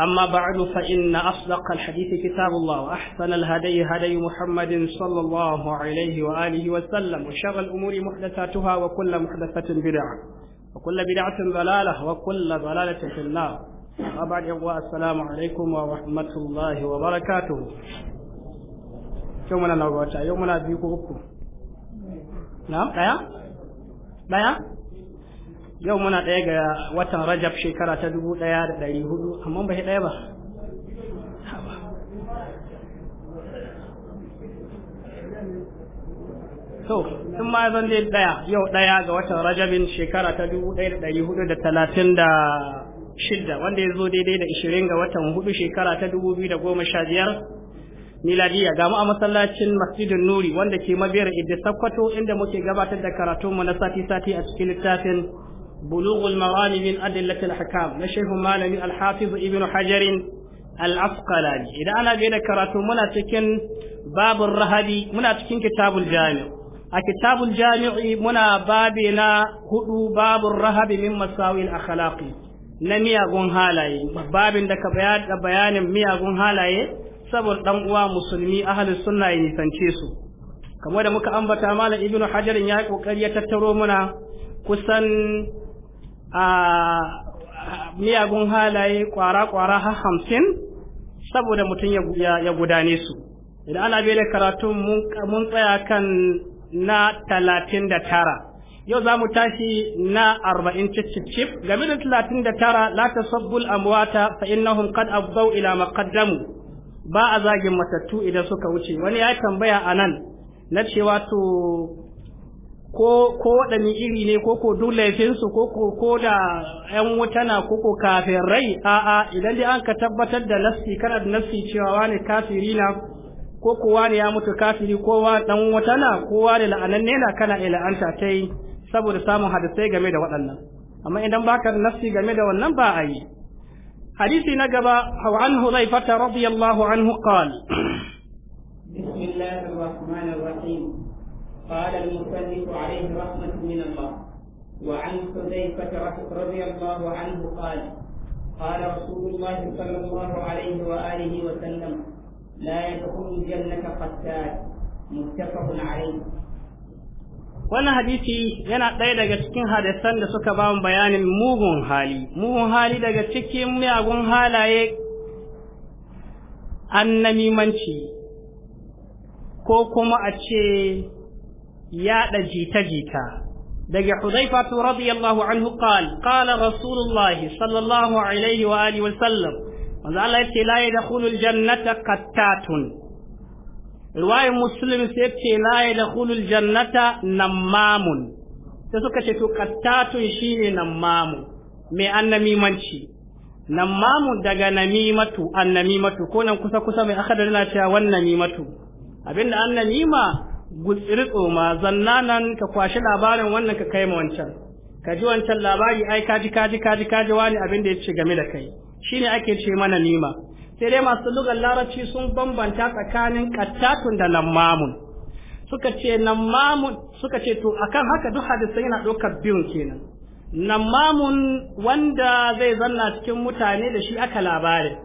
أما بعد فإن أصدق الحديث كتاب الله وأحسن الهدي هدي محمد صلى الله عليه وآله وسلم وشر الأمور محدثاتها وكل محدثة بدعة وكل بدعة ضلالة وكل ضلالة في النار وبعد السلام عليكم ورحمة الله وبركاته يومنا نغوتا يومنا بيكو نعم لا لا yau muna ɗaya ga watan rajab shekara ta dubu ɗaya da ɗari hudu amma ba ɗaya ba So, sun ma zan dai ɗaya yau ɗaya ga watan rajabin shekara ta dubu ɗaya da ɗari hudu da talatin da shidda wanda ya zo daidai da ishirin ga watan hudu shekara ta dubu biyu da goma sha biyar miladiya ga mu a masallacin masjidin nuri wanda ke mabiyar idda sakkwato inda muke gabatar da karatunmu na sati-sati a cikin littafin بلوغ المرام من أدلة الحكام نشيه مالمي الحافظ ابن حجر العسقلاني إذا أنا قيل كراتو منا تكن باب الرهبي منا تكن كتاب الجامع كتاب الجامع منا بابنا هدو باب الرهب من مساوي الأخلاق نمي أقول هالاي باب دك بيان بيان مي أقول هالاي saboda dan uwa musulmi ahalin sunna ya nisance su kamar da muka ambata malam ibnu hajarin ya kokari ya tattaro muna kusan a miyagun halaye kwara-kwara har hamsin saboda mutum ya gudane su idan ana bela karatun mun tsaya kan na talatin da tara yau za mu tashi na arba'in cicicif game da talatin da tara la ta sabbul amwata fa innahum qad abdau ila maqaddamu ba a zagin matattu idan suka wuce wani ya tambaya anan, nan na cewa to ko ko waɗanne iri ne ko ko duk laifinsu ko ko ko da ƴan wuta na ko ko rai a'a idan dai an ka tabbatar da nassi kana da nassi cewa wani kafiri na ko ko wani ya mutu kafiri ko wa dan wuta na ko wani la'ananne na kana ila'anta ta yi saboda samun hadisai game da waɗannan amma idan baka da nassi game da wannan ba a yi hadisi na gaba an huzaifata radiyallahu anhu بسم الله الرحمن الرحيم قال المصنف عليه رحمة من الله وعن حذيفة رضي الله عنه قال قال رسول الله صلى الله عليه وآله وسلم لا يدخل الجنة قتال متفق عليه wannan hadisi yana ɗaya daga cikin hadisan da suka ba mu bayanin mugun hali mugun hali daga cikin miyagun halaye annamimanci ko kuma a ce yaɗa jita-jita daga Hudhaifa radiyallahu anhu qal qala rasulullahi sallallahu alaihi wa alihi wa sallam manzo Allah yace la yadkhulul jannata qattatun riwayar muslim sai ce la yadkhulul jannata nammamun sai suka ce to qattatun shine nammamun mai annamimanci nammamu daga namimatu annamimatu ko nan kusa kusa mai akadar na cewa wannan namimatu abinda annamima gutsiri tsoma nan ka kwashi labarin wannan ka kai ma wancan ka ji wancan labari ai kaji kaji kaji kaji wani abin da ya ce game da kai shine ake ce mana nima sai dai masu lugar larabci sun bambanta tsakanin kattatun da mamun suka ce mamun suka ce to akan haka duk hadisan yana ɗaukar biyun kenan mamun wanda zai zanna cikin mutane da shi aka labarin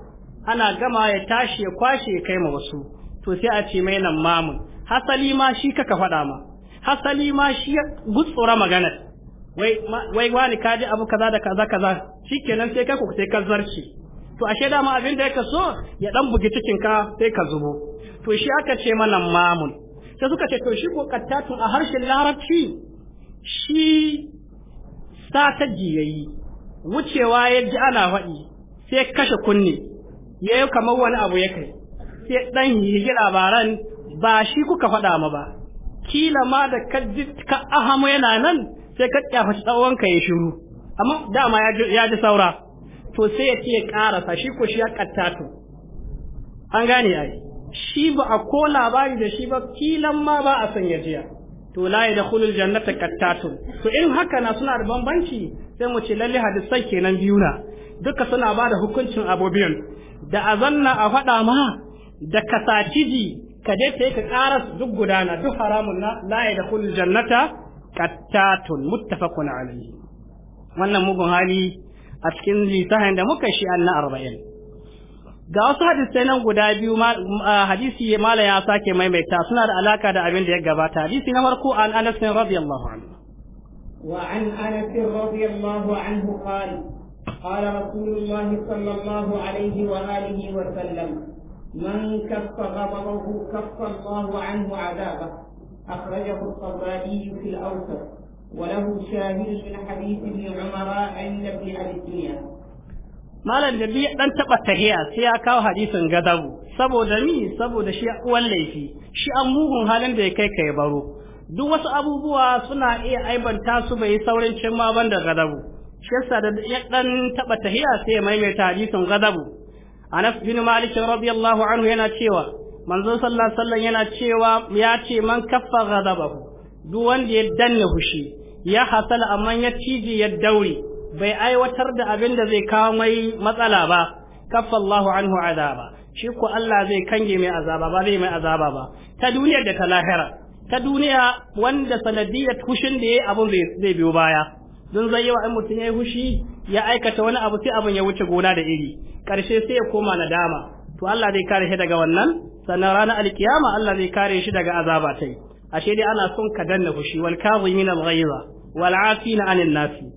ana gama ya tashi ya kwashe ya kai ma wasu to sai a ce mai mamun hasali ma shi kaka faɗa ma hasali ma shi gutsura magana wai wani wani kaji abu kaza da kaza kaza shi kenan sai ka ku sai ka zarce to ashe dama abin da yake so ya dan bugi cikin ka sai ka zubo to shi aka ce mana mamun sai suka ce to shi ko kattatun a harshen larabci shi sataji yayi wucewa ya ji ana faɗi sai kashe kunne yayi kamar wani abu ya kai sai dan yi labaran ba shi kuka faɗa ma ba kila ma da ka ahamu yana nan sai ka kyafa tsawon ka ya shiru amma dama ya ji saura to sai ya ce ya ƙarasa shi ko shi ya kattato an gane ai shi ba a ko labari da shi ba kilan ma ba a sanya jiya to la da dakhulul jannata kattatun to in haka na suna da bambanci sai mu ce lalle hadisai kenan biyu na duka suna ba da hukuncin abubuwan da azanna a faɗa ma da kasaciji. ka je sai ka ƙara duk gudana duk haramun na la ya da kullu jannata qattatun muttafaqun alayhi wannan mugun hali a cikin litahin da muka shi anna arba'in ga wasu hadisai nan guda biyu hadisi malam ya sake maimaita suna da alaka da abin da ya gabata hadisi na farko an anas radiyallahu anhu وعن انس رضي الله anhu قال qala rasulullahi sallallahu alaihi wa alihi wa Sallam. من كف غضبه كف الله عنه عذابه أخرجه الطبراني في الأوسط وله شاهد من حديث ابن عمر عند ابن أبي الدنيا malam da biya dan taba tahiya sai ya kawo hadisin gadabu saboda mi saboda shi uwan laifi shi an mugun halin da ya kai kai baro duk wasu abubuwa suna iya aibanta su bai saurin cin ma ban da gadabu shi yasa da ya dan taba tahiya sai ya maimaita hadisin gadabu anas bin malik radiyallahu anhu yana cewa manzo sallallahu alaihi wasallam yana cewa ya ce man kaffa ghadabahu duk wanda ya danna hushi ya hasala amma ya ciji ya dauri bai aiwatar da abin da zai kawo mai matsala ba kaffa Allahu anhu azaba shi ko Allah zai kange mai azaba ba zai mai azaba ba ta duniya da ta lahira ta duniya wanda sanadiyar hushin da yayi abun zai biyo baya don zai yawa in mutum yayi hushi ya aikata wani abu sai abin ya wuce gona da iri karshe sai ya koma nadama to Allah zai kare shi daga wannan sannan ranar alkiyama Allah zai kare shi daga azaba tai ashe dai ana son ka danna fushi wal kazimin al ghaiza wal afina anil nasi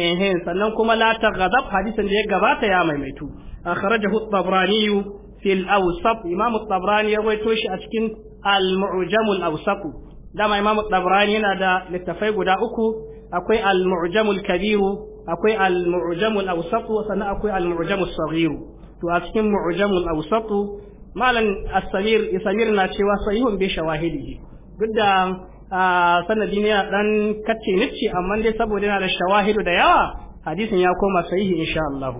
eh sannan kuma la taghadab hadisin da ya gabata ya maimaitu akhrajahu at-tabrani fi al imam at-tabrani ya rawaito shi a cikin al-mu'jam al-awsat dama imam at-tabrani yana da littafai guda uku akwai al-mu'jam al-kabir akwai al-mu'jamul awsat sannan akwai al-mu'jamus saghir to a cikin mu'jamul awsat malam as-saghir isamir na cewa sahihun bi shawahidihi duk da sanadi ne dan kacce nice amma dai saboda yana da shawahidu da yawa hadisin ya koma sahihi insha Allah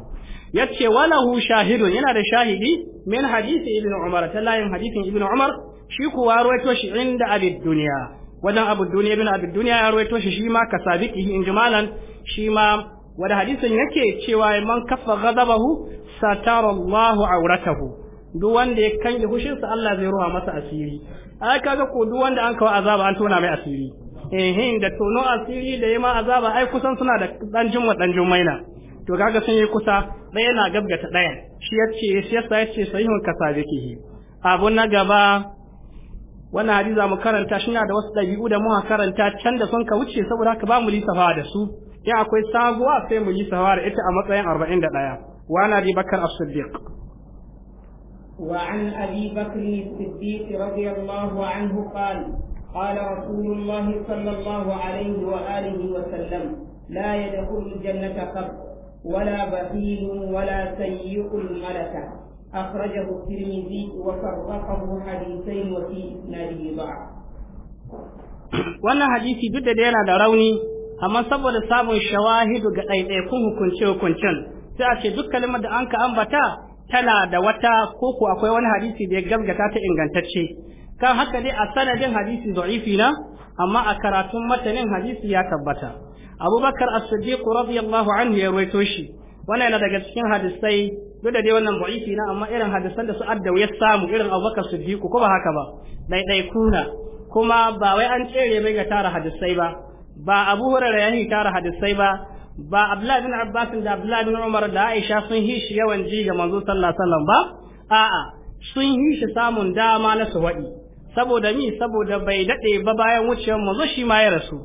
yace walahu shahidun yana da shahidi min hadisi ibn umar ta layin hadisin ibn umar shi kuwa ruwaito shi inda abid duniya wajen abu duniya duniya ya ruwaito shi shi ma kasabiki in jimalan shi ma wanda hadisin yake cewa man kafa ghadabahu satara Allahu auratahu duk wanda ya kange hushinsa Allah zai ruwa masa asiri ai kaga ko duk wanda an kawo azaba an tona mai asiri eh da tono asiri da yema azaba ai kusan suna da dan jumma dan jumaina to kaga sun yi kusa ɗaya yana gabgata ɗaya shi yace shi yasa yace sahihun kasabihi abu na gaba wannan hadisi mu karanta shi na da wasu dabi'u da muka karanta can da sun ka wuce saboda haka ba mu lissafa da su in akwai sabuwa sai mu yi sawa da ita a matsayin arba'in da ɗaya wa na bi bakar as-siddiq وعن أبي بكر الصديق رضي الله عنه قال قال رسول الله صلى الله عليه وآله وسلم لا يدخل الجنة قط ولا بخيل ولا سيء ملكة أخرجه الترمذي وصرفه حديثين وفي إسناده ضعف wannan hadisi duk da yana da rauni amma saboda samun shawahidu ga ɗaiɗaikun hukunce-hukuncen sai a ce duk kalimar da an ka ambata tana da wata ko ko akwai wani hadisi da ya gabgata ta ingantacce kan haka dai a sanadin hadisi da'ifi na amma a karatun matanin hadisi ya tabbata abubakar as-siddiq radiyallahu anhu ya rawaito shi wannan yana daga cikin hadisai duk da dai wannan da'ifi na amma irin hadisan da su addawa ya samu irin abubakar siddiq ko ba haka ba Ɗaiɗaiku na, kuma ba wai an tsere mai ga tara hadisai ba ba Abu Hurairah ya tara hadisai ba ba Abdullahi bin Abbas da Abdullahi bin Umar da Aisha sun yi shi yawan ji ga manzo sallallahu alaihi wasallam ba a'a sun yi shi samun dama na suwa'i saboda mi saboda bai dade ba bayan wucewar manzo shi ma ya rasu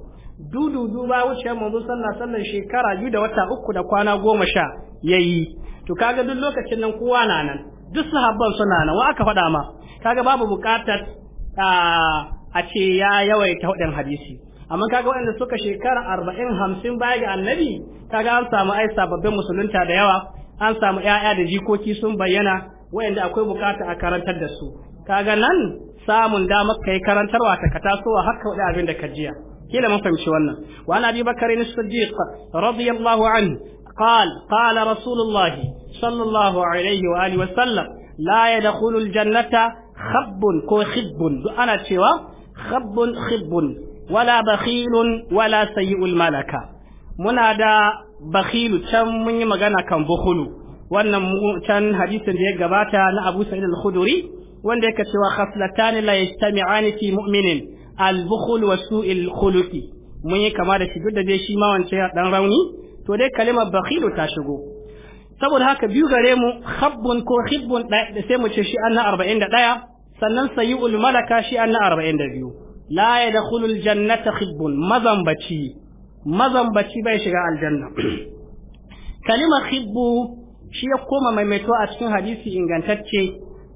dudu duba wucewar manzo sallallahu alaihi wasallam shekara biyu da wata uku da kwana goma sha yayi to kaga duk lokacin nan kowa na nan duk sahabban suna nan wa aka faɗa ma kaga babu buƙatar ah, a ce ya yawaita hudin hadisi amma kaga waɗanda suka shekara arba'in hamsin baya ga annabi kaga an samu ai sababbin musulunta da yawa an samu ƴaƴa da jikoki sun bayyana waɗanda akwai bukata a karantar da su kaga nan samun damar kai karantarwa ta katasowa har ka wani abin da ka jiya kila mun fahimci wannan wa ana abi bakari ne siddiq radiyallahu anhu قال قال رسول الله صلى الله عليه وآله وسلم لا يدخل الجنة خب كو خب أنا تشوى خب خب wala bakhilun wala sayyi'ul malaka muna da bakhilu can mun yi magana kan bukhulu wannan can hadisin da ya gabata na Abu Sa'id al-Khudri wanda yake cewa khaslatan la yajtami'ani fi mu'minin al-bukhul wa su'il khuluqi mun yi kama da shi duk da dai shi ma wance dan rauni to dai kalimar bakhilu ta shigo saboda haka biyu gare mu khabbun ko khibbun da sai mu ce shi anna 41 sannan sayyul malaka shi anna 42 la yadkhulul jannata khibbun mazambaci mazambaci bai shiga aljanna kalimar khibbu shi ya koma maimaito a cikin hadisi ingantacce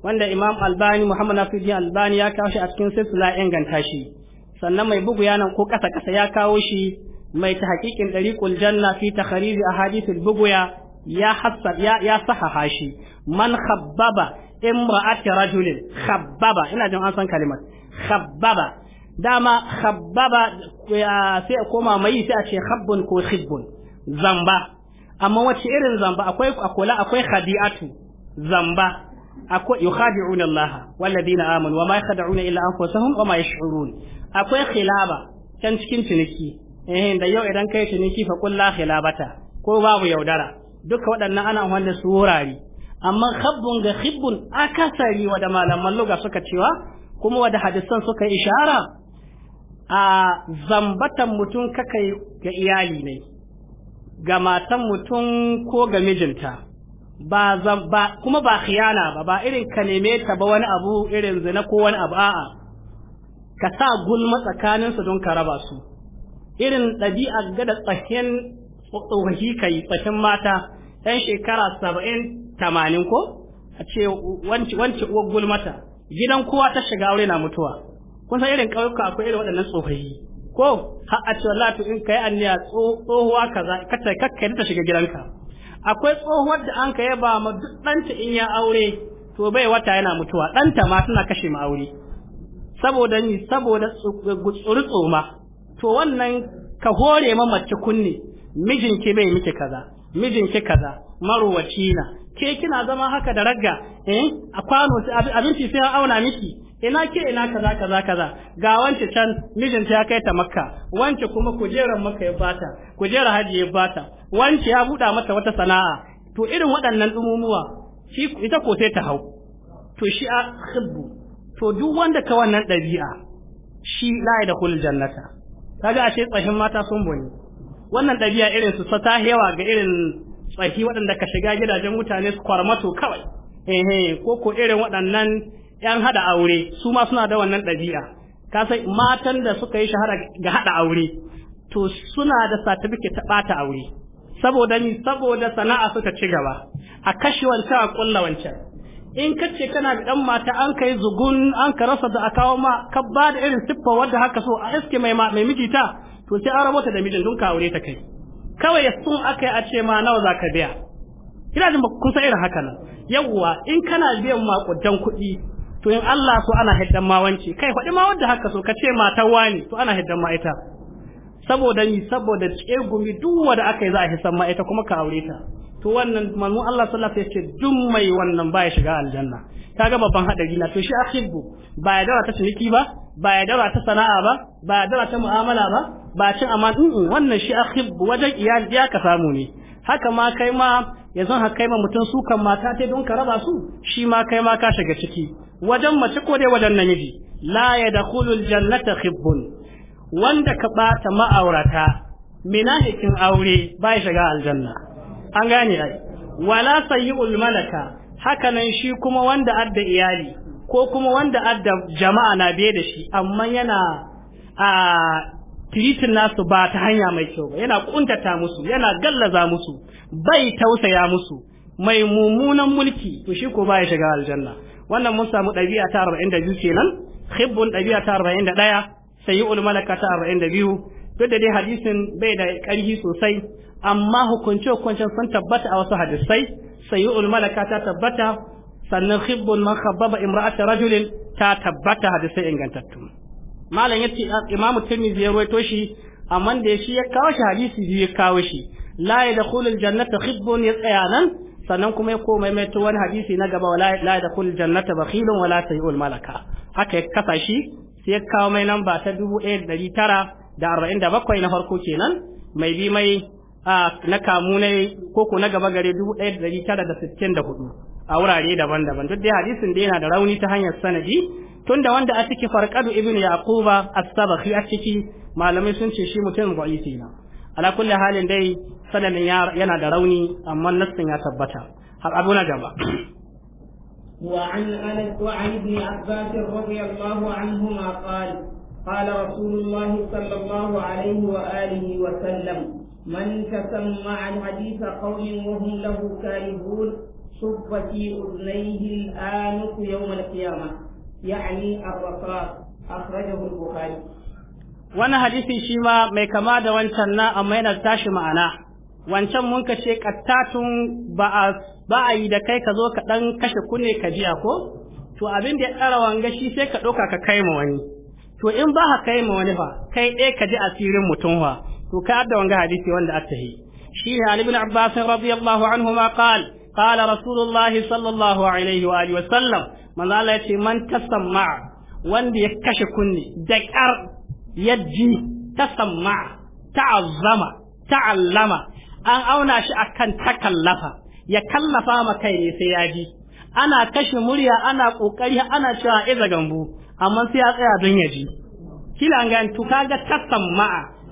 wanda imam albani muhammad nasiruddin albani ya kawo shi a cikin silsila inganta shi sannan mai bugu yanan ko kasa kasa ya kawo shi mai ta hakikin dariqul janna fi a hadisin buguya ya hassa ya ya sahaha shi man khabbaba imra'ati rajulin khabbaba ina jin an san kalimar khabbaba dama khabbaba sai koma mai sai a ce khabbun ko khibbun zamba amma wace irin zamba akwai akola akwai khadi'atu zamba akwai yukhadi'una Allah walladina amanu wama yakhda'una illa anfusahum wama yash'urun akwai khilaba can cikin ciniki eh da yau idan kai ciniki fa qul la khilabata ko babu yaudara duka waɗannan ana amfani su wurare amma khabbun ga khibbun akasari wa da malaman luga suka cewa kuma wada hadisan suka ishara a zambatan mutum kakai ga iyali ne ga matan mutum ko ga mijinta kuma ba khiyana ba ba irin ka neme ta ba wani abu irin zina ko wani abu a'a ka sa gulma tsakaninsu don ka raba su irin ɗabi'a gada tsahin tsohi yi, tsakin mata ɗan shekara saba'in tamanin ko a ce wance uwar gulmata gidan kowa ta shiga aure na mutuwa kun san irin ƙauyuka akwai irin waɗannan tsofaffi ko har a ce wallahi in kai anniya tsohuwa kaza kata kakkai ta shiga gidanka akwai tsohuwar da an kai ba ma duk ɗanta in ya aure to bai wata yana mutuwa ɗanta ma tana kashe ma aure saboda ni saboda tsuri tsoma to wannan ka hore ma mace kunne mijinki bai miki kaza mijinki kaza maruwaci na ke kina zama haka da ragga eh a kwano abinci sai an auna miki ina ke ina kaza kaza kaza ga wance can mijinta ya kai ta makka wance kuma kujerar makka ya bata kujerar hajji ya bata wance ya buɗa mata wata sana'a to irin waɗannan ɗumumuwa shi ita ko sai ta hau to shi a khibbu to duk wanda ka wannan ɗabi'a shi la'i da kul jannata kaga ashe tsahin mata sun boni wannan ɗabi'a irin su ta hewa ga irin tsahi waɗanda ka shiga gidajen mutane su kwarmato kawai ehe, ko ko irin waɗannan yan hada aure su ma suna da wannan ɗabi'a ka sai matan da suka yi shahara ga hada aure to suna da certificate ta ɓata aure saboda ni saboda sana'a suka ci gaba a kashe wancan a ƙulla wancan in ka ce kana da ɗan mata an kai zugun an ka rasa da kawo ma ka ba da irin siffa wadda haka so a iske mai mai miji ta to sai an rabo ta da mijin don ka aure ta kai kawai sun yi a ce ma nawa za ka biya ina jin ba kusa irin haka nan yawwa in kana biyan maƙudan kuɗi to in Allah so ana hiddan ma wance kai faɗi ma wanda haka so ka ce matar wani to ana hiddan ma ita saboda ni saboda tsegumi duk wanda aka yi za a hisan ma ita kuma ka aure ta to wannan manzo Allah sallallahu alaihi wasallam ya ce duk mai wannan baya shiga aljanna kaga babban hadari na to shi ahibbu ba ya dawa ta ciniki ba ba ya dawa ta sana'a ba ba ya dawa ta mu'amala ba ba cin amana wannan shi ahibbu wajen iyali ya ka samu ne haka ma kai ma yanzu haka kai ma mutum sukan mata ta don ka raba su shi ma kai ma ka shiga ciki wajen mace ko dai wajen namiji la yadkhulul jannata khibbun wanda ka bata ma'aurata hikin aure ba ya shiga aljanna an gane ai wala sayyi'ul malaka haka nan shi kuma wanda adda iyali ko kuma wanda adda jama'a na biye da shi amma yana a tiritin nasu ba ta hanya mai kyau ba yana kuntata musu yana gallaza musu bai tausaya musu mai mummunan mulki to shi ko ba ya shiga aljanna wannan mun samu ɗabi'a ta arba'in da biyu kenan khibbun ɗabi'a ta arba'in da ɗaya sayi'ul ulmalaka ta arba'in da biyu duk da dai hadisin bai da ƙarfi sosai amma hukunce hukuncen sun tabbata a wasu hadisai sayi'ul ulmalaka ta tabbata sannan khibbun man khabbaba imra'ata rajulin ta tabbata hadisai ingantattu malam yace imamu tirmidhi ya ruwaito shi amma da shi ya kawo shi hadisi biyu ya kawo shi la yadkhulul jannata khibbun ya tsaya nan sannan kuma ya koma mai wani hadisi na gaba wala la yadkhul jannata bakhilun wala sayyul malaka haka ya kasa shi sai ya kawo mai namba ta 1947 na farko kenan mai bi mai na kamu ne ko na gaba gare 1964 a wurare daban-daban duk dai hadisin da yana da rauni ta hanyar sanadi tunda wanda a ciki farkadu ibnu yaquba as-sabahi a ciki malamai sun ce shi mutum da'ifi na ala kulli halin dai sanadin yana da rauni amma nassin ya tabbata har abu na gaba وعن انس وعن ابن عباس رضي الله عنهما قال قال رسول الله صلى الله عليه واله وسلم من تسمع الحديث قوم وهم له كارهون صب في اذنيه الانف يوم القيامه يعني الرصاص اخرجه البخاري wani hadisi shi ma mai kama da wancan na amma yana tashi ma'ana wancan mun kace kattatun ba a ba a yi da kai ka zo ka dan kashe kunne ka jiya ko to abin da ya tsara wanga shi sai ka ɗauka ka kai ma wani to in ba ka kai ma wani fa kai ɗaya ka ji asirin mutum fa to ka da wanga hadisi wanda attahi shi ne Ali ibn Abbas radiyallahu anhu ma qala qala rasulullahi sallallahu alaihi wa alihi wa sallam Man Allah ya ce man tasamma wanda ya kashe kunne da ƙar yaji tasamma ta'azzama ta'allama an auna shi akan takallafa ya kallafa ma kai ne sai ya ji ana kashe murya ana kokari ana cewa iza gambu amma sai ya tsaya don ya ji kila ga to kaga tasamma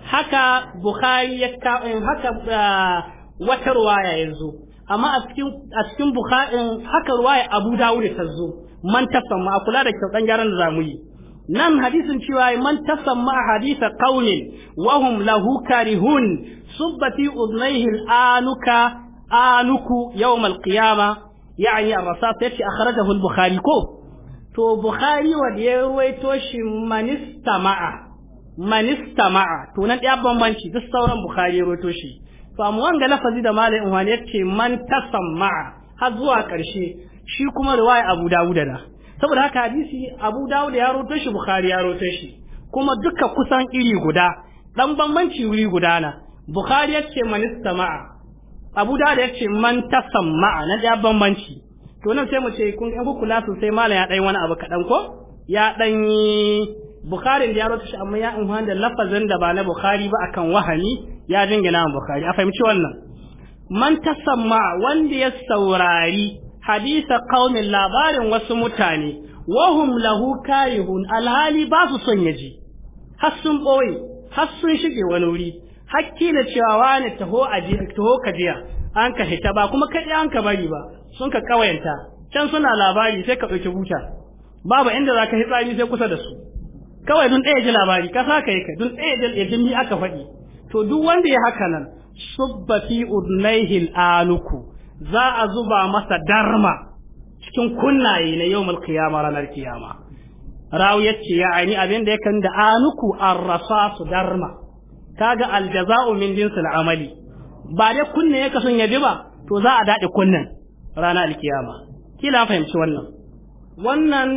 haka bukhari ya eh, haka eh, wata ruwaya yanzu amma a cikin a cikin bukhari haka ruwaya abu dawud ta zo man a kula da kyau dan gyaran da zamu nan hadisin cewa man tasamma hadisa qaumin wa hum lahu karihun subbati udnayhi anuka anuku yawm alqiyama yani ar-rasas yace akhrajahu al-bukhari ko to bukhari wa da ya ruwaito shi manistama'a manistama'a to nan ya bambanci duk sauran bukhari ya ruwaito shi to amma wanga lafazi da malamin wani yace man tasamma'a har zuwa karshe shi kuma riwaya abu dawud da saboda haka hadisi Abu Dawud ya roto shi Bukhari ya roto shi kuma duka kusan iri guda dan bambanci wuri guda na Bukhari yace man istama'a Abu Dawud yace man tasamma'a na da bambanci to nan sai mu ce kun ku kula sosai malam ya dai wani abu kadan ko ya dan Bukhari da ya roto shi amma ya amfani da lafazin da ba na Bukhari ba akan wahani ya jingina Bukhari a fahimci wannan man tasamma wanda ya saurari hadisa kaunin labarin wasu mutane wahum lahu karihun alhali ba su son yaji har sun ɓoye, har sun shige wani wuri hakki na cewa wani taho aje taho kajiya an ka hita ba kuma kai an ka bari ba sun ka kawayanta can suna labari sai ka ɗauki buta babu inda za ka zaka tsari sai kusa da su kawai dun ɗaya ji labari ka sa kai ka dun ɗaya ya ji aka faɗi to duk wanda ya haka nan subba fi udnaihi aluku za a zuba masa darma cikin kunnaye na yau mulkiyama ranar kiyama rawi yace ya aini abin da yakan da anuku arrasasu darma kaga aljaza'u min jinsil amali ba dai kunne ya kasan yabi ba to za a dade kunnen ranar alkiyama kila fahimci wannan wannan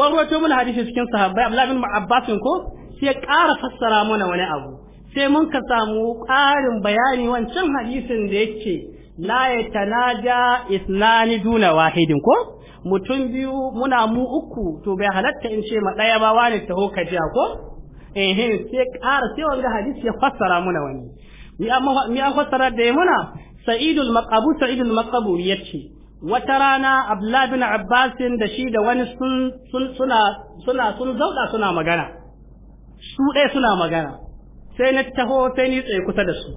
warwato mun hadisi cikin sahabbai Abdullah bin Abbas ko sai ya ƙara fassara mana wani abu sai mun ka samu ƙarin bayani wancan hadisin da yake la yatanaja isnani duna wahidin ko mutum biyu muna mu uku to bai halatta in ce ma daya ba wani taho ka jiya ko eh eh sai ƙara sai wanda hadisi ya fassara muna wani mi amma mi an fassara da muna sa'idul maqabu sa'idul maqabu yace wata rana Abdullahi bin Abbas da shi da wani sun suna suna sun zauda suna magana su dai suna magana sai na taho sai ni tsaye kusa da su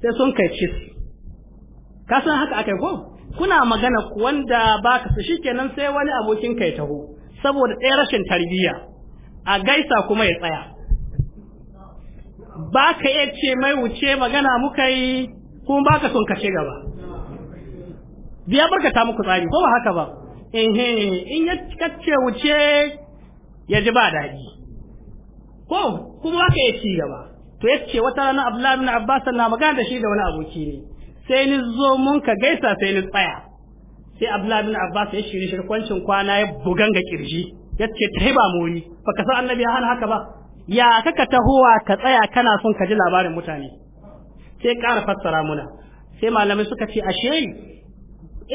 sai sun kai cis ka san haka akai ko kuna magana wanda ba ka su shikenan sai wani abokin kai taho saboda ɗaya rashin tarbiyya a gaisa kuma ya tsaya ba ka iya ce mai wuce magana muka yi kuma ba ka son kashe gaba biya barkata muku tsari ko ba haka ba in ya kacce wuce ya ji ba daɗi ko kuma ba ka iya ci gaba to ya ce wata rana abdullahi bin abbas na magana da shi da wani aboki ne sai ni zo mun ka gaisa sai ni tsaya sai abdullahi bin abbas ya shiri shirkwancin kwana ya bugan ga kirji ya ce ta hiba ba ka san annabi ya hana haka ba ya kaka tahowa ka tsaya kana son ka ji labarin mutane sai ƙara fassara muna sai malamai suka ce ashe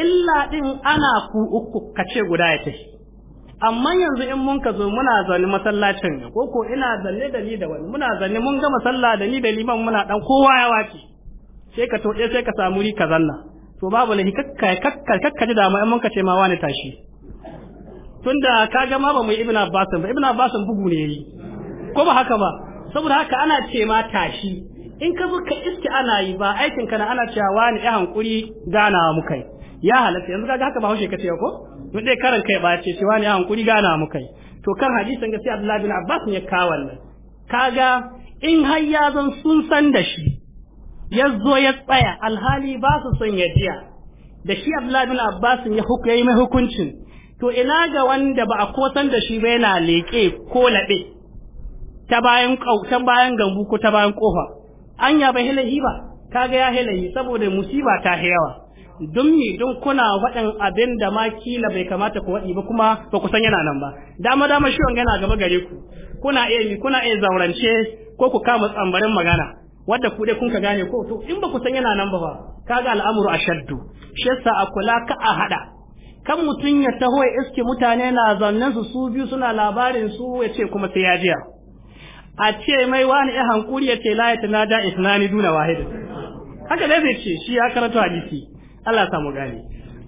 illa din ana ku uku ka ce guda ya tafi amma yanzu in mun ka zo muna zane masallacin ko ko ina zanne da ni da wani muna zanne mun ga sallah da ni da liman muna dan kowa ya wace sai ka toɗe sai ka samu ri ka zanna to babu lahi kakka ji damu in muka ce ma wani tashi tunda ka ga ma ba mu ibn abbas ba ibn abbas bugu ne yayi ko ba haka ba saboda haka ana ce ma tashi in ka zo ka iske ana yi ba aikin ka na ana cewa wani ya hankuri ganawa kai. ya halatta yanzu kaga haka ba haushe ka ce ko mun dai karan kai ba ce cewa wani ya hankuri ganawa kai. to kan hadisin ga sai Abdullahi bin Abbas ne ya wannan kaga in har ya zan sun san da shi ya zo ya tsaya alhali ba su son ya jiya da shi abdullahi bin abbas ya hukai mai hukuncin to ina ga wanda ba a kosan da shi ba yana leƙe ko laɓe ta bayan ta bayan gambu ko ta bayan kofa anya ba helahi ba kaga ya helahi saboda musiba ta yawa don me don kuna waɗan abin da ma kila bai kamata ku waɗi ba kuma ba ku san yana nan ba dama dama shi yana gaba gare ku kuna iya kuna iya zaurance ko ku kama tsambarin magana wanda ku dai kun ka gane ko to in ba ku san yana nan ba Ka kaga al'amuru ashaddu shi yasa a kula ka a hada kan mutum ya taho ya iske mutane na zannan su su biyu suna labarin su ya ce kuma sai ya jiya a ce mai wani ya hankuri ya ce la ya tanada isnani duna wahid haka dai ce shi ya karanta hadisi Allah ya samu gane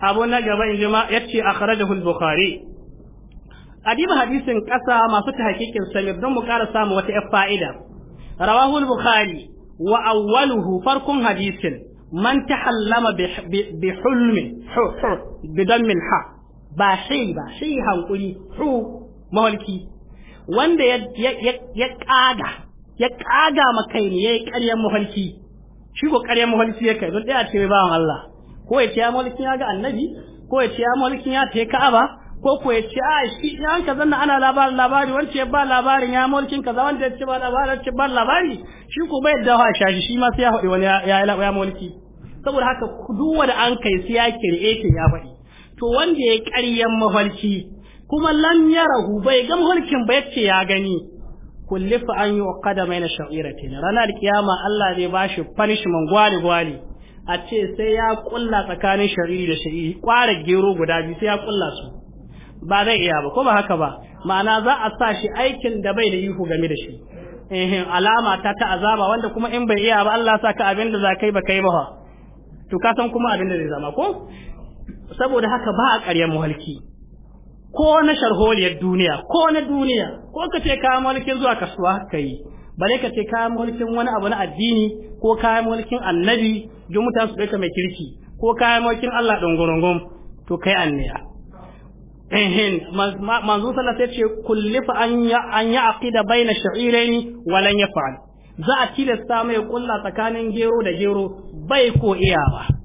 abu na gaba in jima ya ce akhrajahu al-bukhari adiba hadisin kasa masu tahqiqin sanin don mu ƙara samu wata fa'ida rawahu al-bukhari wa awwaluhu farkon hadisin man tahallama bi hulmin bidan min ha ba shi ba shi hankuri hu mawalki wanda ya kada ya kada makai ne ya yi ƙaryar mawalki shi ko ƙaryar mawalki ya kai don ɗaya ce bawan Allah ko ya ce ya mawalkin ya ga annabi ko ya ce ya mawalkin ya ta ka'aba ko ku ya ce a shi in an kaza ana labarin labari wance ba labarin ya mulkin kaza wanda ya ce ba labarin ce ba labari shi ko bai da wa shashi shi ma sai ya hodi wani ya ya mulki saboda haka duk wanda an kai sai ya ke eh, ya faɗi to wanda ya ƙaryan mafarki kuma lam yarahu bai ga mulkin ba yace ya gani kullifa an yi uqada na sha'iratin ranar kiyama Allah zai bashi punishment gwali gwali a ce sai ya kulla tsakanin shari'i da shari'i kwara gero guda biyu sai ya kulla su ba zai iya ba ko ba haka ba ma'ana za a sa shi aikin da bai da ihu game da shi alama ta ta azaba wanda kuma in bai iya ba Allah ya saka abin da za ba kai ba to ka san kuma abin da zai zama ko saboda haka ba a ƙaryar muhalki ko na sharholiyar duniya ko na duniya ko ka ce kayan mulkin zuwa kasuwa ka yi bare ka ce kayan mulkin wani abu na addini ko kayan mulkin annabi jumuta su ɗauka mai kirki ko kayan mulkin Allah ɗungurungun to kai anniya ehin manzo sallah sai ce kullifa an ya an ya aqida baina sha'irain walan yaf'al za a tilasta mai kulla tsakanin gero da gero bai ko iyawa ba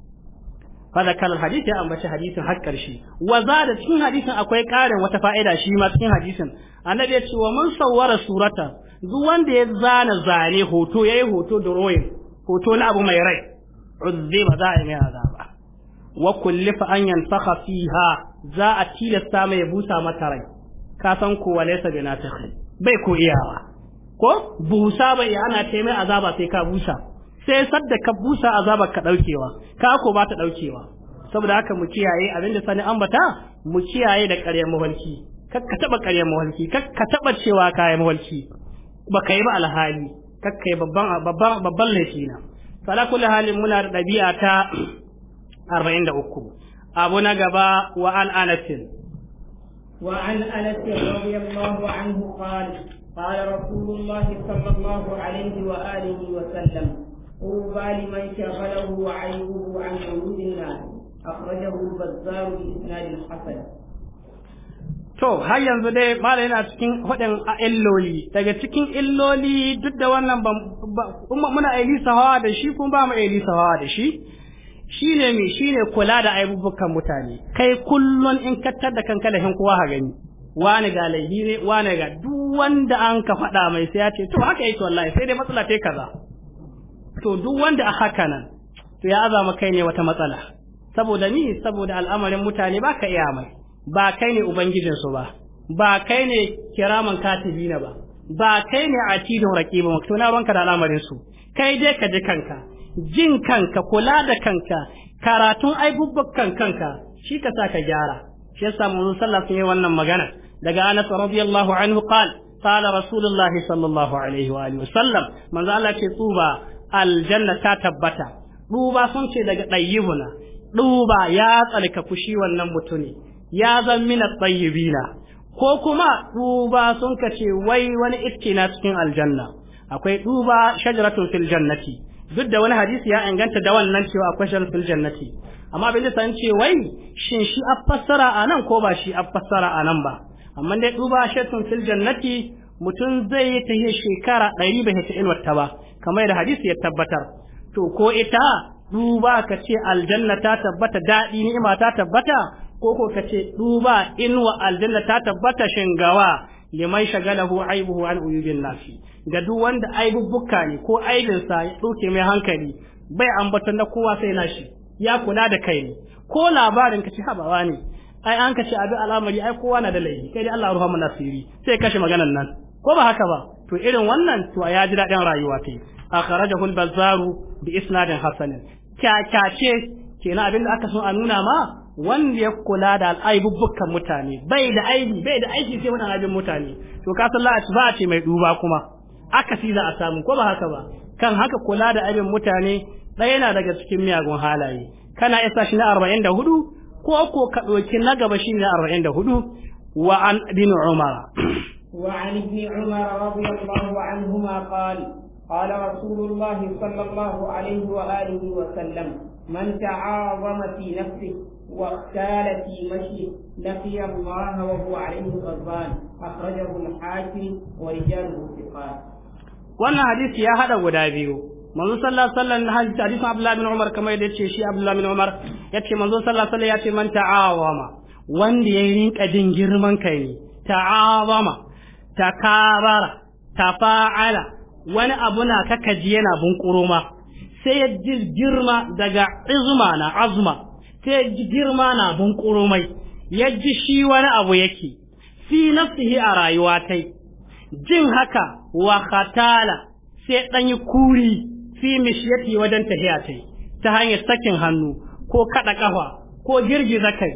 fada kan hadisi ya ambaci hadisin har karshe wa za da cikin hadisin akwai karin wata fa'ida shi ma cikin hadisin annabi ya ce wa man sawwara surata duk wanda ya zana zane hoto yayi hoto drawing hoto na abu mai rai uzziba za a yi mai azaba wa kullifa an yansakha fiha za a tilasta mai ya busa mata rai ka san ko ta kai. bai ko iyawa ko busa bai ana ce mai azaba sai ka busa sai sadda ka busa azaba ka daukewa ka ko ba ta daukewa saboda haka mu kiyaye abinda sani ambata mu kiyaye da ƙaryar mawalki kak ka taba ƙaryar mawalki ka taba cewa kayan mawalki ka yi ba alhali kak yi babban babban babban laifi na fala kullu halin muna da ɗabi'a ta uku. أبو na وعن wa وعن anasin رضي الله عنه قال قال رسول الله صلى الله عليه وآله وسلم wa لمن شغله عيبه عن قلوب الناس أخرجه البزار بإسناد الحسن To, har yanzu dai malam yana cikin hudin a illoli, daga cikin illoli duk da wannan ba, muna ailisa hawa da shi kuma ba mu ailisa hawa da shi, Shi shine mi ne kula da aibubukan mutane kai kullum in kattar da kanka lahin kowa ha gani wani ga laihi ne wani ga duk wanda an ka faɗa mai sai ya ce to haka yake wallahi sai dai matsala ta kaza to duk wanda a haka nan to ya azama kai ne wata matsala saboda ni saboda al'amarin mutane ba ka iya mai ba kai ne ubangijinsu ba ba kai ne kiraman katibi na ba ba kai ne atidin raqiba to na banka da al'amarin su kai dai ka ji kanka jin kanka kula da kanka karatun aibubbakan kanka shi ka sa ka gyara shi yasa Sallah sallallahu alaihi wannan magana daga Anas radiyallahu anhu qala qala rasulullahi sallallahu alaihi wa alihi wasallam Allah ce tsuba aljanna ta tabbata duba sun ce daga dayyibuna duba ya tsalka kushi wannan mutune ya zammina mina tsayyibina ko kuma duba sun ka ce wai wani itti na cikin aljanna akwai duba shajaratun fil jannati duk da wani hadisi ya inganta da wannan cewa akwai shan fil jannati amma abin da san ce wai shin shi a fassara a nan ko ba shi a fassara a nan ba amma dai duba shatun fil jannati mutum zai yi ta yi shekara ɗari ba ta inuwar ta ba kamar da hadisi ya tabbatar to ko ita duba ka ce aljanna ta tabbata daɗi ni'ima ta tabbata ko ko ka ce duba inuwa aljanna ta tabbata shingawa liman shagalahu aibuhu an uyubin nasi ga duk wanda aibubbuka ne ko aibinsa ya ɗauke mai hankali bai ambaton na kowa sai nashi ya kula da kai ne ko labarin ka ci habawa ne ai an ka ci abu al'amari ai kowa na da laifi kai dai Allah ya rahama nasiri sai kashe maganan nan ko ba haka ba to irin wannan to ya ji daɗin rayuwa ta akhrajahu al-bazzaru bi isnadin hasanin ce kenan abin da aka so a nuna ma wanda ya kula da al'aibubbukan mutane bai da aibi bai da aiki sai wani aibin mutane to ka san la'aci ba ce mai duba kuma aka si za a samu ko ba haka ba kan haka kula da aibin mutane ɗaya yana daga cikin miyagun halaye kana isa shi na arba'in da hudu ko ko ka ɗauki na gaba shi na arba'in da hudu wa an bin umara وعن ابن عمر رضي الله عنهما قال قال رسول الله صلى الله عليه وآله وسلم من تعاظم في نفسه واختال في مشيه لقي الله وهو عليه غضبان أخرجه الحاكم ورجاله الثقات wannan hadisi ya hada guda biyu manzo sallallahu alaihi wasallam hadisin Abdullah bin Umar kamar yadda yace shi Abdullah bin Umar yace manzo sallallahu alaihi wasallam yace man ta'awama wanda ya rinka jin girman kai ne. ta'awama takabara tafa'ala wani abu na kakaji yana bunkuro ma sai ya girma daga izma na azma sai girma na bunƙurumai, mai ya ji shi wani abu yake fi nafsihi a rayuwa tai jin haka wa khatala sai ɗan yi kuri fi mishiyati wajen tahiya tai ta hanyar sakin hannu ko kaɗa ƙafa ko girgiza kai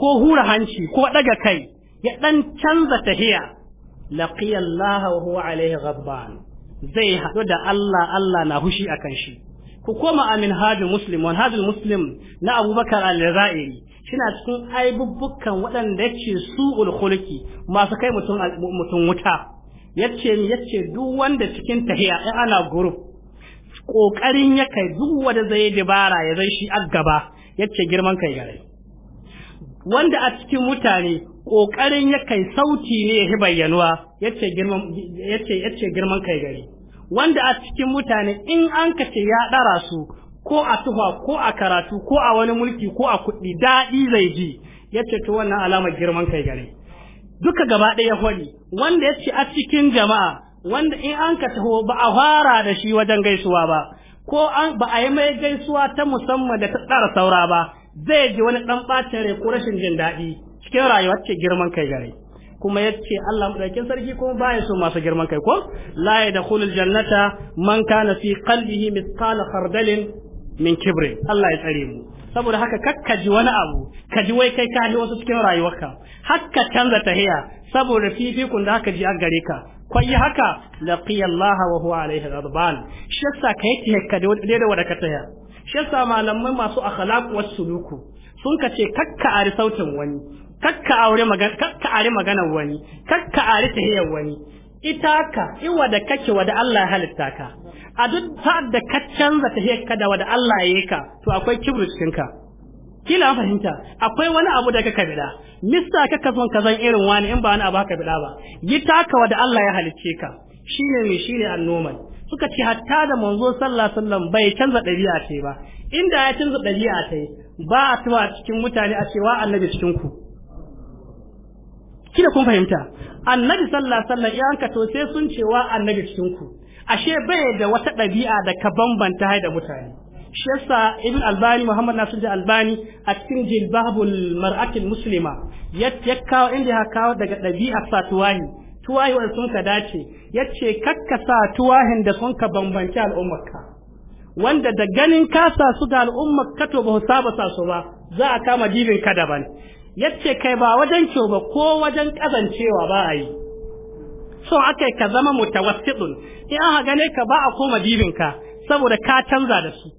ko hura hanci ko ɗaga kai ya ɗan canza tahiya laqiya Allah wa huwa zai haɗu da Allah Allah na hushi kan shi ku koma amin hadin muslim wani hadin muslim na abubakar al-razairi shina cikin aibubbukan waɗanda ya ce su ulkhulki masu kai mutum wuta. Ya ce ni ce duk wanda cikin tahiya in ana group ƙoƙarin ya kai duk wanda zai dabara ya zai shi ya ce girman kai gare wanda a cikin mutane ƙoƙarin ya kai sauti ne ya bayyanuwa ya girman girman kai gare wanda a cikin mutane in an kace ya ɗara su ko a tuhwa ko a karatu ko a wani mulki ko a kuɗi daɗi zai ji yace ce to wannan alamar girman kai gare duka gaba ɗaya hori wanda ya ce a cikin jama'a wanda in an ka taho ba a fara da shi wajen gaisuwa ba ko an ba a yi mai gaisuwa ta musamman da ta tsara saura ba zai ji wani ɗan ɓacin rai ko rashin jin daɗi cikin rayuwar ce girman kai gare kuma yace Allah mudaukin sarki kuma baya so masu girman kai ko la yadkhulul jannata man kana fi qalbihi mithqala khardalin min kibrin Allah ya tsare mu saboda haka kakka ji wani abu ka ji wai kai ka ji wasu cikin rayuwarka hakka canza tahiya saboda fifikun da haka ji an gare ka kwayi haka laqiya Allah wa huwa alaihi ghadban shassa kai ki ka da wanda ka taya. shassa malamai masu akhlaq was suluku sun ka ce kakka ari sautin wani kakka aure magana kakka are maganar wani kakka are tahiyar wani ita ka iwa da kake wa da Allah halitta ka a duk sa'ad da ka canza ta tahiyar ka da wa da Allah ka to akwai kibru cikin ka kila fahimta akwai wani abu da kaka bida mista kaka son ka zan irin wani in ba wani abu haka bida ba ita ka wa da Allah ya halicce ka shine me shine annoman suka ce hatta da manzo sallallahu alaihi wasallam bai canza dabi'a ce ba inda ya canza dabi'a ta ba a tuwa cikin mutane a cewa annabi cikin ku da kun fahimta annabi sallallahu alaihi wasallam yan ka to sai sun cewa annabi cikin ku ashe bai da wata ɗabi'a da ka bambanta hai da mutane shi yasa ibn albani muhammad nasir da albani a cikin jilbabul mar'atil muslima ya kawo inda ya kawo daga ɗabi'a sa tuwahi tuwahi wanda sun ka dace yace kakka sa tuwahin da sun ka bambanci al'ummarka wanda da ganin kasa su da al'ummar ka to ba saba sa su ba za a kama jibin ka daban yace kai ba wajen kyau ba ko wajen kazancewa ba ai so akai ka zama mutawassitun in aka gane ka ba a koma dibin ka saboda ka canza da su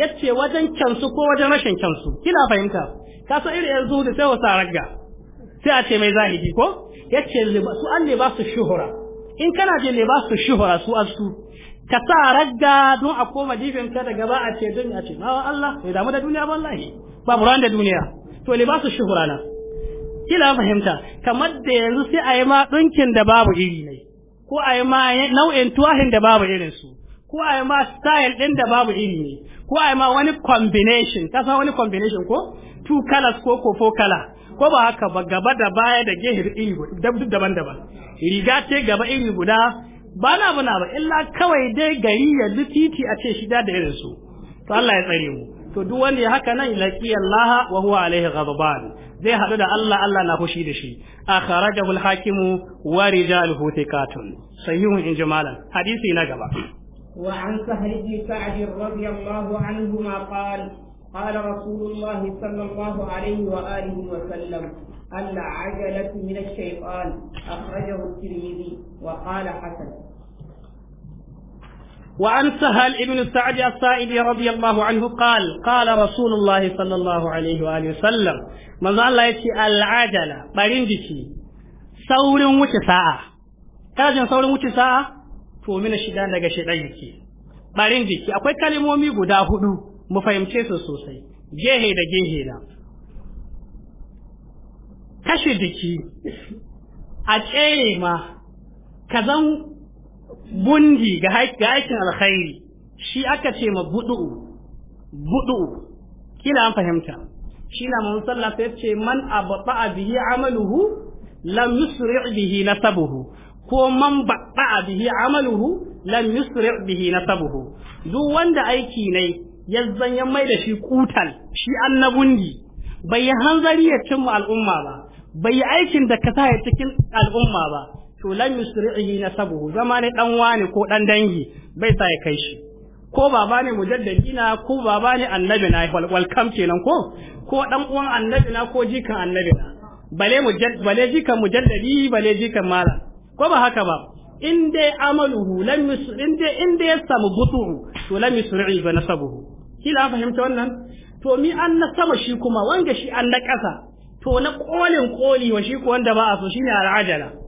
yace wajen kyansu ko wajen rashin kyansu kina fahimta ka san irin yanzu da sai wasa ragga sai a ce mai zahidi ko yace su an ne ba su shuhura in kana je ne ba su shuhura su asu ka sa ragga don a koma dibinka daga ba a ce don a ce ma Allah da damu da duniya ba wallahi babu ran da duniya to libasu shuhura na kila fahimta kamar da yanzu sai a yi ma ɗinkin da babu iri ne ko a yi ma nau'in tuwahin da babu irin su ko a yi ma style ɗin da babu iri ne ko a yi ma wani combination ka san wani combination ko two colors ko ko four color ko ba haka ba gaba da baya da gehe iri duk daban-daban riga ce gaba iri guda ba na ba illa kawai dai gari ya titi a ce shida da irin su to Allah ya tsare mu to duk wanda ya haka nan laqi Allah wa huwa alaihi ghadban zai hadu da Allah Allah na fushi da shi akhrajahu al-hakimu wa rijaluhu thiqatun sahihun in jamalan hadisi na gaba wa an sahih bin sa'd radiyallahu anhu ma qala قال رسول الله صلى الله عليه وآله وسلم العجلة من الشيطان أخرجه الترمذي وقال حسن وعن سهل بن سعد السائد رضي الله عنه قال قال رسول الله صلى الله عليه وآله وسلم من الله يتي العجلة برندتي سور وش ساعة كاجن سور وش ساعة تو من الشيطان daga shaitan yake barin jiki akwai kalmomi guda hudu mu fahimce su sosai gehe da gehe da kashe jiki a tsere ma ka zan bundi ga aikin alkhairi shi aka ce ma budu budu kila an fahimta shi na mun sallah sai ce man abba bihi amaluhu lam yusri' bihi nasabuhu ko man ba'a bihi amaluhu lam yusri' bihi nasabuhu duk wanda aiki ne ya zanya mai da shi kutal shi annabundi bai yi hanzari ya cimma al'umma ba bai yi aikin da ka sa ya cikin al'umma ba to lam yusri'ihi nasabuhu zama ne dan wani ko dan dangi bai sa ya kai shi ko baba ne mujaddadi na ko baba ne annabi na wal kam kenan ko ko dan uwan annabi na ko jikan annabi na bale mujadd bale jikan mujaddadi bale jikan mala ko ba haka ba in dai amaluhu lam yusri in dai in dai ya samu butu to lam yusri'i ba nasabuhu kila fahimta wannan to mi an na sama shi kuma wanga shi an na kasa to na kolin koli wa shi ko wanda ba a so shine al'ajala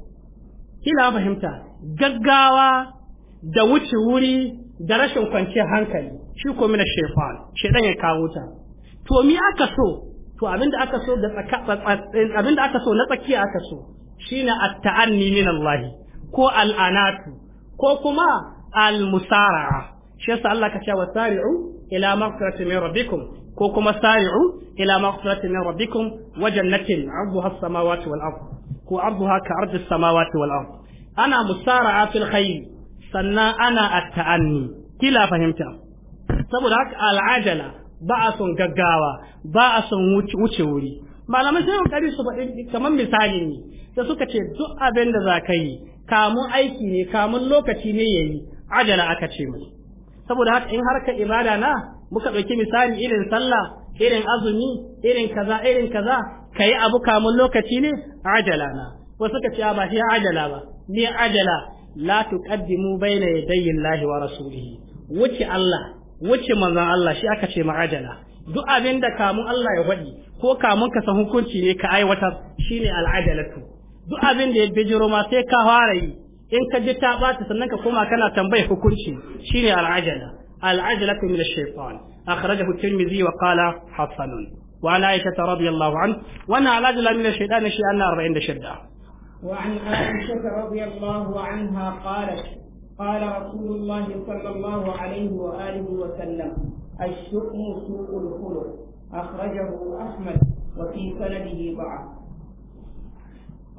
kila fahimta gaggawa da wuce wuri da rashin kwanciyar hankali shi ko mina shefan shedan ya kawo ta to mi aka so to abinda aka so da eh, abinda aka so na tsakiya aka so shine at-ta'anni min Allah ko al-anatu ko kuma al-musara'a shi yasa Allah ka ce wasari'u ila maghfiratin min rabbikum ko kuma sari'u ila maghfiratin min rabbikum wa jannatin 'arduha as-samawati wal ard ko 'arduha ka 'ardi as-samawati wal ard ana musara'a fil khayr sannan ana at-ta'anni kila fahimta saboda haka al'ajala ba a son gaggawa ba a son wuce wuri malamai sai kokari su faɗi kamar misali ne da suka ce duk abin da za ka yi kamun aiki ne kamun lokaci ne yayi ajala aka ce mai saboda haka in harka ibada na muka ɗauki misali irin sallah irin azumi irin kaza irin kaza kayi abu kamun lokaci ne ajala na wasu suka ce ba shi ajala ba ni ajala la tuqaddimu baina yadayi llahi wa rasulihi wuce Allah wuce manzon Allah shi aka ce ma'ajala duk abin da kamun Allah ya faɗi ko kamun ka san hukunci ne ka aiwatar shine al'adalatu duk abin da ya bijiro ma sai ka fara yi in ka ji ta ɓata sannan ka koma kana tambayar hukunci shine al'ajala العجلة من الشيطان أخرجه الترمذي وقال حصل وعن عائشة رضي الله عنه وأن العجلة من الشيطان شيئا أربعين شدة وعن عائشة رضي الله عنها قالت قال رسول الله صلى الله عليه وآله وسلم الشؤم سوء الخلق أخرجه أحمد وفي سنده بعض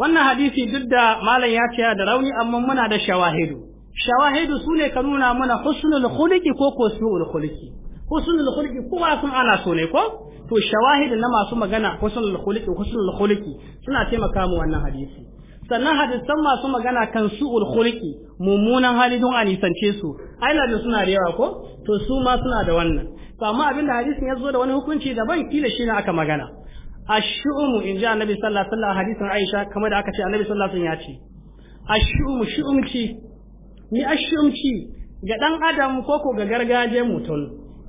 wannan hadisi duk da malam ya ce da rauni amma muna da shawahidu shawahidu su ne ka nuna mana husnul khuluqi ko ko su'ul khuluqi husnul khuluqi kowa sun ana so ne ko to shawahidu na masu magana husnul khuluqi husnul khuluqi suna taimaka mu wannan hadisi sannan hadisan masu magana kan su'ul khuluqi mummunan hali don a nisance su ai da suna da yawa ko to su ma suna da wannan to amma abinda hadisin ya zo da wani hukunci daban kila shi ne aka magana ash-shu'um in ji annabi sallallahu alaihi wasallam hadisin Aisha kamar da aka ce annabi sallallahu alaihi wasallam ya ce shu'um shu'umci ni shi'umci ga ɗan adam ko ko ga gargajiyar mutum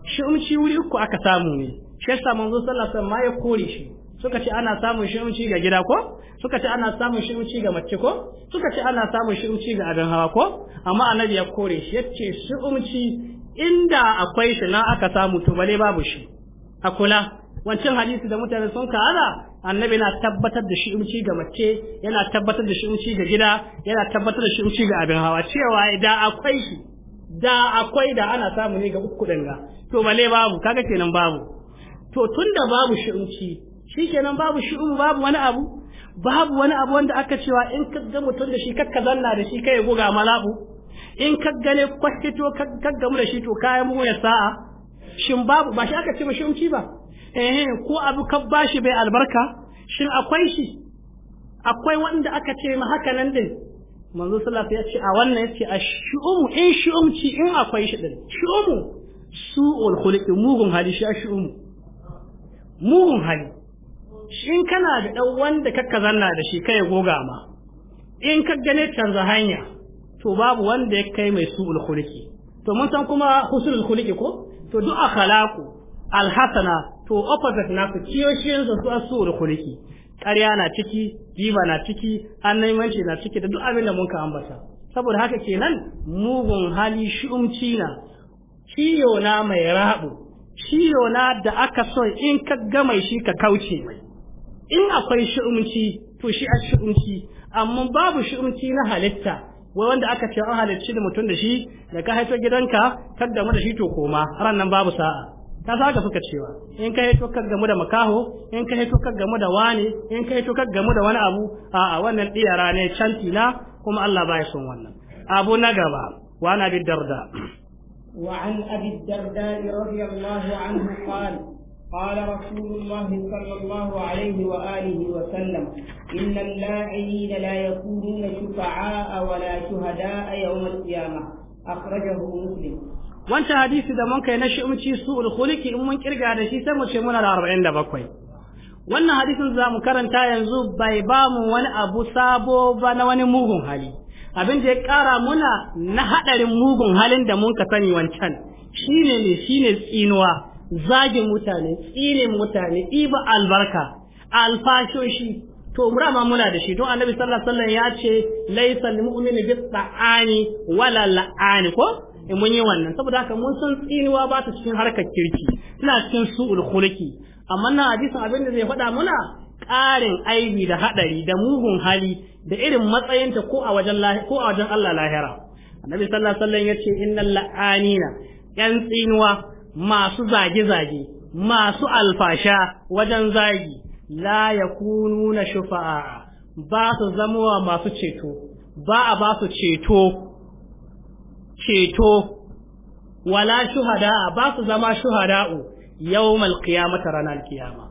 shumci wuri uku aka samu ne shi yasa manzo sallallahu alaihi wasallam ya kore shi suka ce ana samun shumci ga gida ko suka ce ana samun shumci ga mace ko suka ce ana samun shumci ga adan hawa ko amma annabi ya kore shi yace shumci inda akwai shi na aka samu to bale babu shi a kula wancan hadisi da mutane sun kaza. annabi yana tabbatar da shi'unci ga mace yana tabbatar da shi'unci ga gida yana tabbatar da shi'unci ga abin hawa cewa da akwai shi da akwai da ana samu ne ga uku danga to male babu kaga kenan babu to tunda babu shi'umci shikenan babu shi'um babu wani abu babu wani abu wanda aka cewa in ka ga mutum da shi kakka zanna da shi kai goga malabu in ka gane kwashito kakka gamu da shi to kayan mu ya sa'a shin babu ba shi aka ce ma shi'umci ba eh ko abu ka bashi bai albarka shin akwai shi akwai wanda aka ce ma haka nan din manzo sallallahu ya ce a wannan yace ashu'umu in eh, ci in akwai shi din shu'umu su'ul khuluqi mugun hali shi ashu'umu mugun hali shin kana da dan wanda kakka zanna da shi kai goga ma in ka gane canza hanya to babu wanda ya kai mai su'ul khuluqi to mun san kuma husnul khuluqi ko to du'a khalaqu alhasana to opposite su kiyoshinsa su su da kuliki ƙarya na ciki riba na ciki annaimanci na ciki da duk abin da mun ka ambata saboda haka kenan mugun hali shi'umci na ciyo na mai rabu ciyo na da aka so in ka gama shi ka kauce mai in akwai shi'umci to shi a shi'umci amma babu shi'umci na halitta wai wanda aka ce an halicci da mutum da shi da ka haito gidanka kaddamu da shi to koma ran nan babu sa'a ka zaga suka cewa in ka yi tokar gamu da makaho in ka yi tokar gamu da wani in ka yi tokar gamu da wani abu a a wannan diyara ne canti na kuma Allah ba ya son wannan abu na gaba wa na bi darda wa an abi darda radiyallahu anhu qala qala rasulullah sallallahu alaihi wa alihi wa sallam innal la'ina la yakunu shufa'a wa la shuhada'a yawm al-qiyamah akhrajahu muslim wancan hadisi da mun kai na shi'umci su, ulkhuliki in mun kirga da shi sai mu ce muna da bakwai. wannan hadisin za mu karanta yanzu bai ba mu wani abu sabo ba na wani mugun hali abin da ya kara muna na hadarin mugun halin da mun ka sani wancan shine ne shine tsinuwa zagin mutane tsine mutane iba albarka alfashoshi to ma muna da shi don annabi sallallahu alaihi wasallam ya ce laysa lil mu'mini bi ta'ani wala la'ani ko in mun yi wannan saboda haka mun san tsinuwa ba ta cikin harkar kirki suna cikin su'ul amma na hadisin abin da zai faɗa muna ƙarin aibi da haɗari da mugun hali da irin matsayinta ko a wajen ko a wajen Allah lahira annabi sallallahu alaihi wasallam yace innal la'anina yan tsinuwa masu zage zage masu alfasha wajen zagi la yakununa shufa'a ba su zamowa masu ceto ba a ba su ceto ceto wala shuhada ba su zama shuhada'u yawmal qiyamata ranar kiyama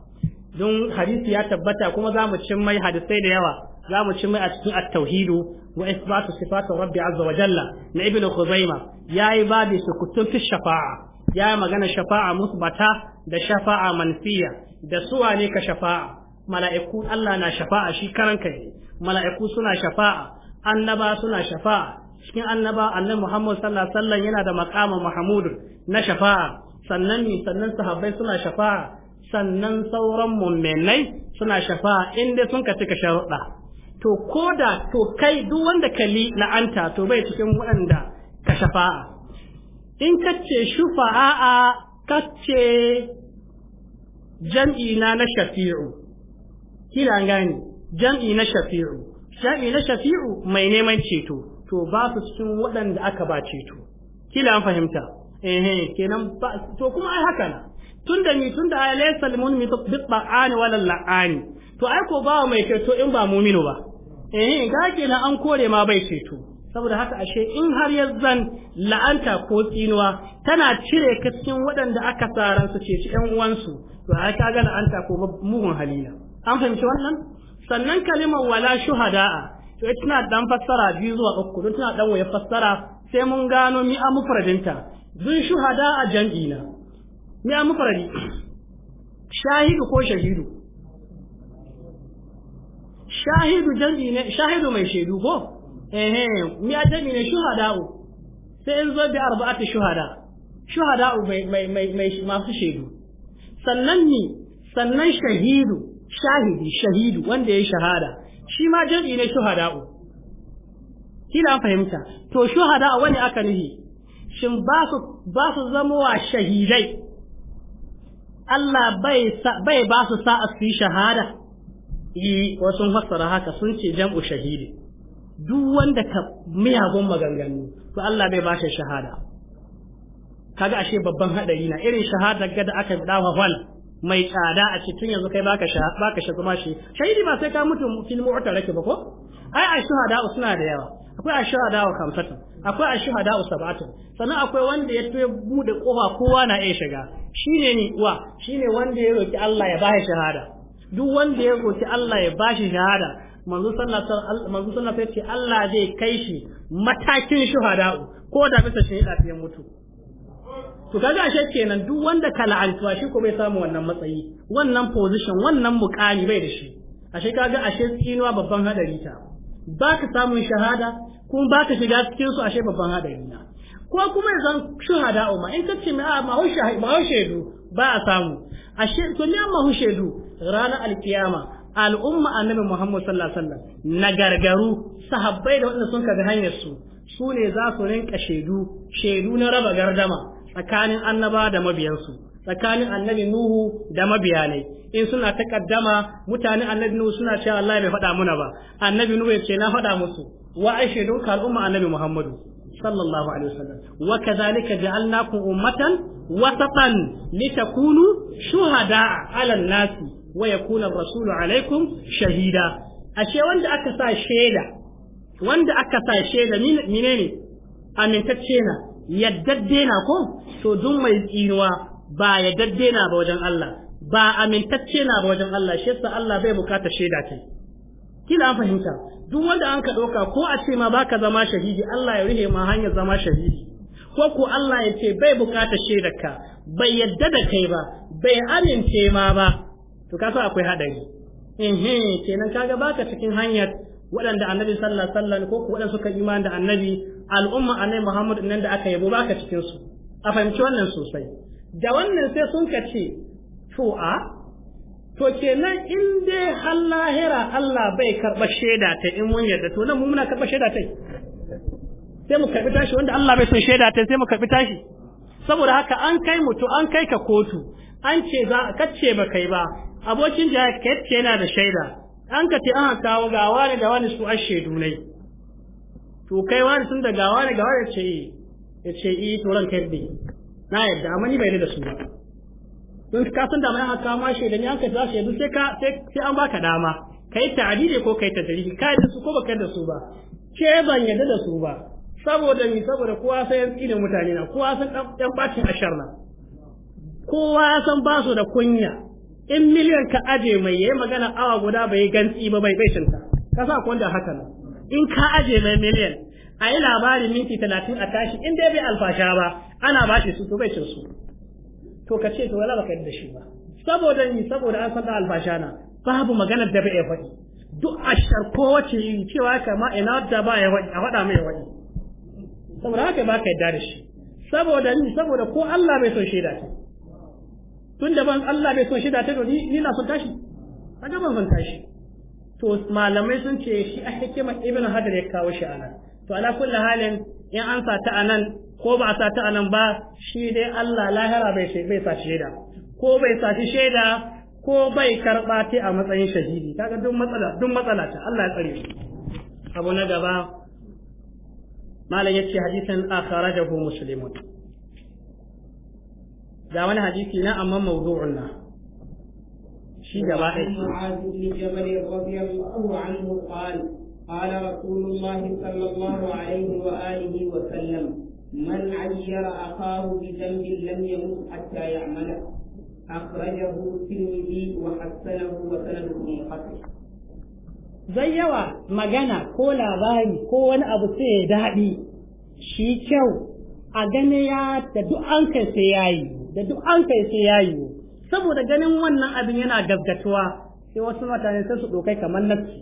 don hadisi ya tabbata kuma za mu cin mai hadisai da yawa za mu cin mai a cikin at-tauhidu wa isbatu sifatu rabbi azza wa jalla na ibnu khuzaima yayi babu kutun fi shafa'a ya magana shafa'a musbata da shafa'a manfiya da suwa ne ka shafa'a mala'iku Allah na shafa'a shi karan kai mala'iku suna shafa'a annaba suna shafa'a cikin annaba annabi Muhammad sallallahu alaihi wasallam yana da maqama Mahmud na shafa'a sannan ni sannan sahabbai suna shafa'a sannan sauran mu'minai suna shafa'a inda sun ka cika sharuɗa to koda to kai duk wanda kali la'anta to bai cikin waɗanda ka shafa'a in ka ce shufa'a ka ce jam'i na na shafi'u kila an jam'i na shafi'u jam'i na shafi'u mai neman ceto to ba su cikin waɗanda aka ba ceto kila an fahimta eh kenan ba to kuma ai haka na tunda ni tunda ai laysa lil mu'min ani wala la'ani to ai ko ba mai ceto in ba mu'minu ba eh ga kenan an kore ma bai ceto saboda haka ashe in har yazzan zan la'anta ko tsinuwa tana cire ka cikin waɗanda aka tsaran su ceci ƴan uwansu to ai ka ga la'anta ko mugun halila. an fahimci wannan sannan kalimar wala shuhada'a to ita tana dan fassara biyu zuwa uku don tana dan waya fassara sai mun gano mi a mufradinta zun shuhada a jam'ina mi a mufradi shahidu ko shahidu shahidu jam'i ne shahidu mai shaidu ko eh mi a jam'i ne shuhada'u sai in zo bi arba'atu shuhada shuhada'u mai mai mai masu shaidu sannan ni sannan shahidu shahidi shahidu wanda ya shahada shi ma jirgi ne shuhada'u an fahimta to shuhada'u wani aka nihi shin ba su ba su shahidai Allah bai bai ba su sa'a su yi shahada yi e, wasu fassara haka sun ce jam'u shahidi duk wanda ka miyagun maganganu to Allah bai ba shi shahada kaga ashe babban haɗari na irin shahadar gada aka dawa wal mai tsada a cikin yanzu kai baka sha baka sha zama shi shahidi ba sai ka mutu fil mu'taraki ba ko ai ashuhada suna da yawa akwai ashuhada wa kamsatu akwai ashuhada wa sab'atu sannan akwai wanda ya tuye bude kofa kowa na iya shiga shine ni wa shine wanda ya roki Allah ya bashi shahada duk wanda ya roki Allah ya bashi shahada manzo sallallahu alaihi Allah zai kai shi matakin shuhada ko da bisa shahada ya mutu to kaga ashe kenan duk wanda ka la'antuwa shi ko bai samu wannan matsayi wannan position wannan mukami bai da shi ashe kaga ashe tsinuwa babban hadari ta ba ka samun shahada kuma ba ka shiga cikin su ashe babban hadari na ko kuma zan shuhada umma in ka ce ma ah, ma shaidu ba a samu ashe to ne ma shaidu ranar alkiyama al'umma annabi Muhammad sallallahu alaihi wasallam na gargaru sahabbai da wanda sun ka ga hanyar su su ne za su rinka shaidu shaidu na raba gardama tsakanin annaba da mabiyansu tsakanin annabi nuhu da mabiyanai in suna takaddama mutanen annabi nuhu suna cewa Allah bai faɗa muna ba annabi nuhu ya ce na faɗa musu wa ai shaidu ka al'umma annabi muhammadu sallallahu alaihi wasallam wa kadhalika ja'alnakum ummatan wasatan litakunu shuhada 'ala an-nasi wa yakuna ar-rasulu 'alaykum shahida ashe wanda aka sa shaida wanda aka sashe da mine ne amintacce na yaddadde na ko to duk mai tsinuwa ba yaddadde na ba wajen Allah ba amintacce na ba wajen Allah shi yasa Allah bai bukata shaida ce kila an fahimta duk wanda an ka ɗauka ko a ce ma baka zama shahidi Allah ya rihe ma hanyar zama shahidi ko ko Allah ya ce bai bukata ka bai yadda da kai ba bai amince ma ba to kasa akwai hadari ehe kenan kaga baka cikin hanyar waɗanda annabi sallallahu alaihi wasallam ko waɗanda suka imani da annabi al'umma annabi Muhammad nan da aka yabo baka cikin su a fahimci wannan sosai da wannan sai sun ka ce to a to kenan in dai har lahira Allah bai karɓa shaida ta in mun yarda to nan mu muna karɓa shaida ta sai mu karɓi tashi wanda Allah bai son shaida ta sai mu karɓi tashi saboda haka an kai mu to an kai ka kotu an ce za a ce ba kai ba abokin jihar kacce yana da shaida an ka ce an kawo gawa ne da wani su ashe dunai to kai wani sun da gawa ne gawa wani ce ya ce i eh, to ran kai na yadda amma ni bai da su ba don ka san da mai aka kawo ma shaidan an ka za shaidu sai ka sai an baka dama kai ne ko kai tadriji ka yi su ko baka da su ba ke ban yadda da su ba saboda ni saboda kowa sai yan mutane na kowa san dan bacin ashar na kowa ya san ba su da kunya in miliyan ka aje mai yayi magana awa guda bai gantsi ba bai baishin ka ka sa kwanda haka ne in ka aje mai miliyan a yi labarin minti 30 a tashi in dai bai alfasha ba ana ba shi su to baishin su to ka ce to wala baka da shi ba saboda ni saboda an san da alfasha na babu maganar da bai faɗi duk a sharko wace cewa kama ina da ba ya faɗi a faɗa mai faɗi saboda haka ba ka yarda da shi saboda ni saboda ko Allah bai so shaida ta tun da ban Allah bai son shi da ta ni ni na son tashi kaga ban son tashi to malamai sun ce shi a hikimar ibn ya kawo shi anan to ala kulli halin in an sa ta anan ko ba a sa ta anan ba shi dai Allah lahira bai bai sa shaida ko bai sa shi shaida ko bai karba ta a matsayin shahidi kaga duk matsala duk matsala ta Allah ya tsare abu na gaba malam yace hadisan akharajahu muslimun ga wani hadisi na amma mawdu'un na shi gaba ɗaya mu'adh bin jabal radiyallahu anhu qala qala rasulullahi sallallahu alaihi wa alihi wa sallam من عير أخاه بذنب لم يمت حتى يعمله أخرجه الترمذي وحسنه وسنده قتل zai yawa magana ko labari ko wani abu sai ya daɗi shi kyau a gane ya da duk an kai sai ya yi da duk an kai sai ya yiwu saboda ganin wannan abin yana gaggatuwa sai wasu mutane sai su dokai kamar nafsi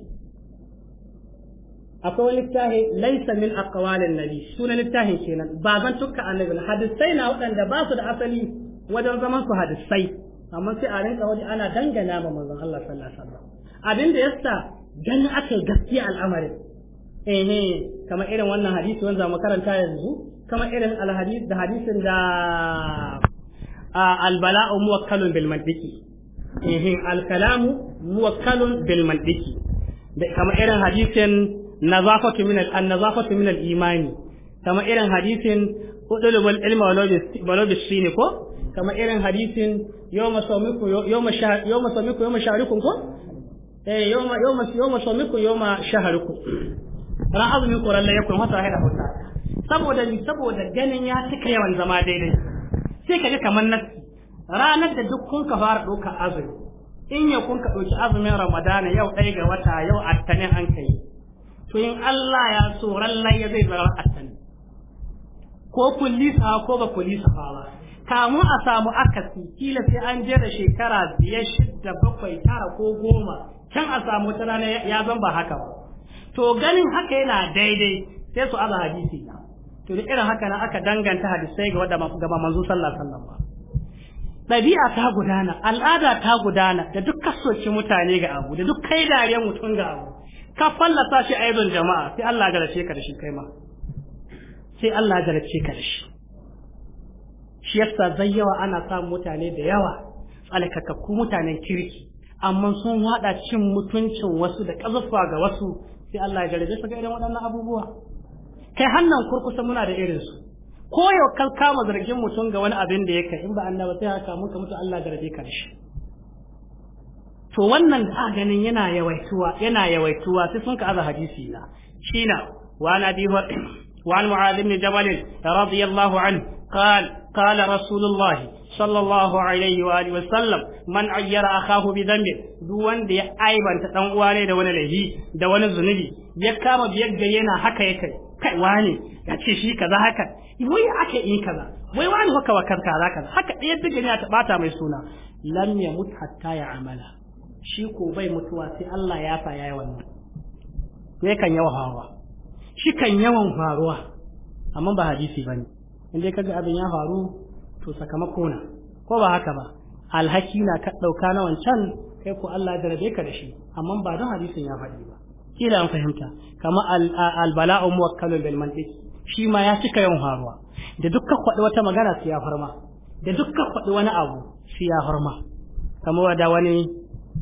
akwai wani littafi laisa min aqwalin nabi sunan littafin kenan ba zan tukka annabi hadisai na waɗanda ba su da asali wajen zaman su hadisai amma sai a rinka waje ana dangana ma manzon Allah sallallahu alaihi wasallam abin da yasa ganin aka gaskiya al'amarin eh kamar irin wannan hadisi wanda mu karanta yanzu kamar irin alhadis da hadisin da albala'u muwakkalun bil mantiki ihin alkalamu muwakkalun bil mantiki kama irin hadisin nazafatu min al nazafatu imani kama irin hadisin udulu bil ilmi walu bil ko kama irin hadisin yawma sawmiku yawma yawma sawmiku yawma sha'rukum ko eh yawma yawma yawma sawmiku yawma sha'rukum saboda ganin ya tuka yawan zama daidai sai kaga kamar na ranar da duk kun ka fara ɗaukar azumi in ya kun ka ɗauki azumin ramadana yau ɗaya ga wata yau attanin an kai to in Allah ya so rallai ya zai zama attanin ko kulisa ko ba kulisa ba kamun a samu akasi kila sai an jera shekara biyar shidda bakwai tara ko goma can a samu wata rana ya zan ba haka ba to ganin haka yana daidai sai su aza hadisi na to da irin haka nan aka danganta hadisai ga wadanda ga manzo sallallahu alaihi wasallam ɗabi'a ta gudana al'ada ta gudana da duk kasoci mutane ga abu da duk kai dariyan mutum ga abu ka fallasa shi aibin jama'a sai Allah ya garace ka da shi kai ma sai Allah ya garace ka da shi shi yasa zai yawa ana samun mutane da yawa tsalkakakku mutanen kirki amma sun wada cin mutuncin wasu da kazufa ga wasu sai Allah ya garace su ga irin waɗannan abubuwa kai hannan kurkusa muna da irin su ko yau kan kama zargin mutum ga wani abin da ya kai in ba annaba sai haka muka mutu Allah garabe karshe to wannan da ganin yana yawaituwa yana yawaituwa sai ka aza hadisi na shina wa na bi wa an mu'ad ibn jabal anhu qal qala sallallahu alaihi wa alihi wasallam man ayyara akahu bi dhanbi duwan da ya aibanta dan uwa ne da wani lahi da wani zunubi ya kama biyar da yana haka ya kai kai wani ya ce shi kaza haka wai aka yi kaza wai wani haka wa kanka za ka? haka ɗaya duka ne ta bata mai suna lam ya mutu hatta ya amala shi ko bai mutuwa sai Allah ya fa yayi wannan sai kan yawan faruwa shi kan yawan faruwa amma ba hadisi bane in dai kaga abin ya faru to sakamako na ko ba haka ba alhaki na ka dauka na wancan kai ko Allah ya darabe ka da shi amma ba don hadisin ya faɗi ba kila an fahimta kama albala'u muwakkalun bil mantiq shi ma ya cika yawan faruwa da dukkan kwaɗi wata magana su ya farma da dukkan kwaɗi wani abu su ya farma kamar wada wani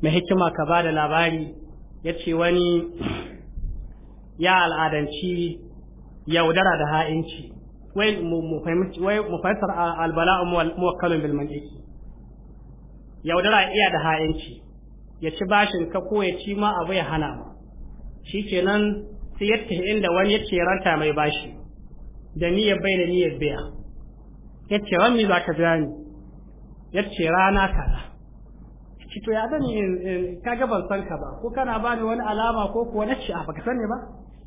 mai hikima ka ba da labari ya ce wani ya al'adanci yaudara da ha'inci wai mu fahimtar albala'u muwakkalun bil mantiki yaudara iya da ha'inci ya ci bashin ka ko ya ci ma abu ya hana ma shikenan sai ya inda wani ya ce ranta mai bashi da niyyar bai da niyyar biya ya ce ran ba ka biya ni ya ce rana kaza ci to ya zani in ka gaban san ka ba ko kana bani wani alama ko kuwa na ce a ah, baka sani ba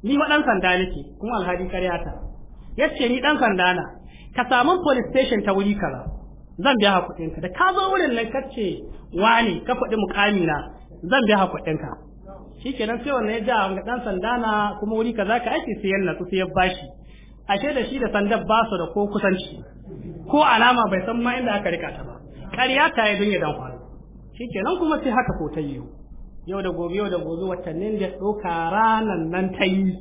ni ma ɗan sanda nake kuma alhali ƙarya ta ya ce ni ɗan sanda na ka samu police station ta wuri kaza zan biya hakuɗinka da ka zo wurin nan ka ce wani ka faɗi mukamina na zan biya hakuɗinka shikenan sai wannan ya ja ga dan sanda na kuma wuri kaza ka aiki sai na sai ya bashi ashe da shi da sandan ba su da ko kusanci ko alama bai san ma inda aka rika ta ba ƙarya ta yi don ya dan faru shikenan kuma sai haka ko ta yiwu yau da gobe yau da gobe watannin da ɗauka ranan nan ta yi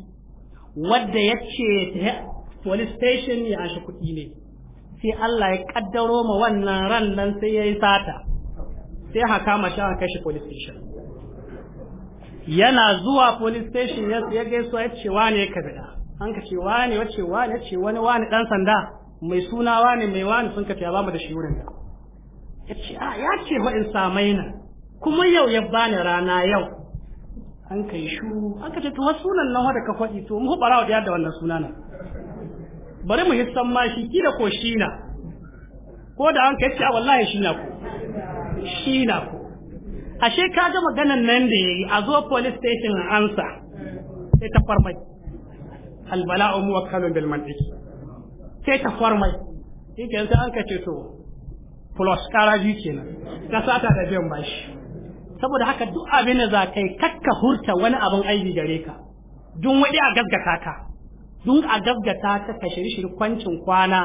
wadda ya ce police station ya ashe kuɗi ne sai Allah ya kaddaro ma wannan ran nan sai ya yi sata sai haka mashi kashe shi police station yana zuwa police station ya ya gaisuwa ya ce wane ka bida an ka ce wane wace wane ce wani wani dan sanda mai suna wane mai wani sun ka ce ba mu da shi wurin da ya ce a ah, ya ce ba in samai na kuma yau ya bani rana yau an kai shu an ka ce to wasu sunan nan wanda ka faɗi to mu barawa da yadda wannan suna nan bari mu hissan ma shi da ko shi na ko da an kai ce ah, wallahi shi na ko shi na ko ashe ka ga maganan nan da yayi a zo police station an ansa sai ta farmai albala'u muwakkalun bil mantiki sai ta farmai shi sai an ka ce to plus karaji kenan ka sata da jin bashi saboda haka duk abin da za kai kakka hurta wani abin aiki gare ka dun wadi a gaggata ka dun a gaggata ka ka shiri kwancin kwana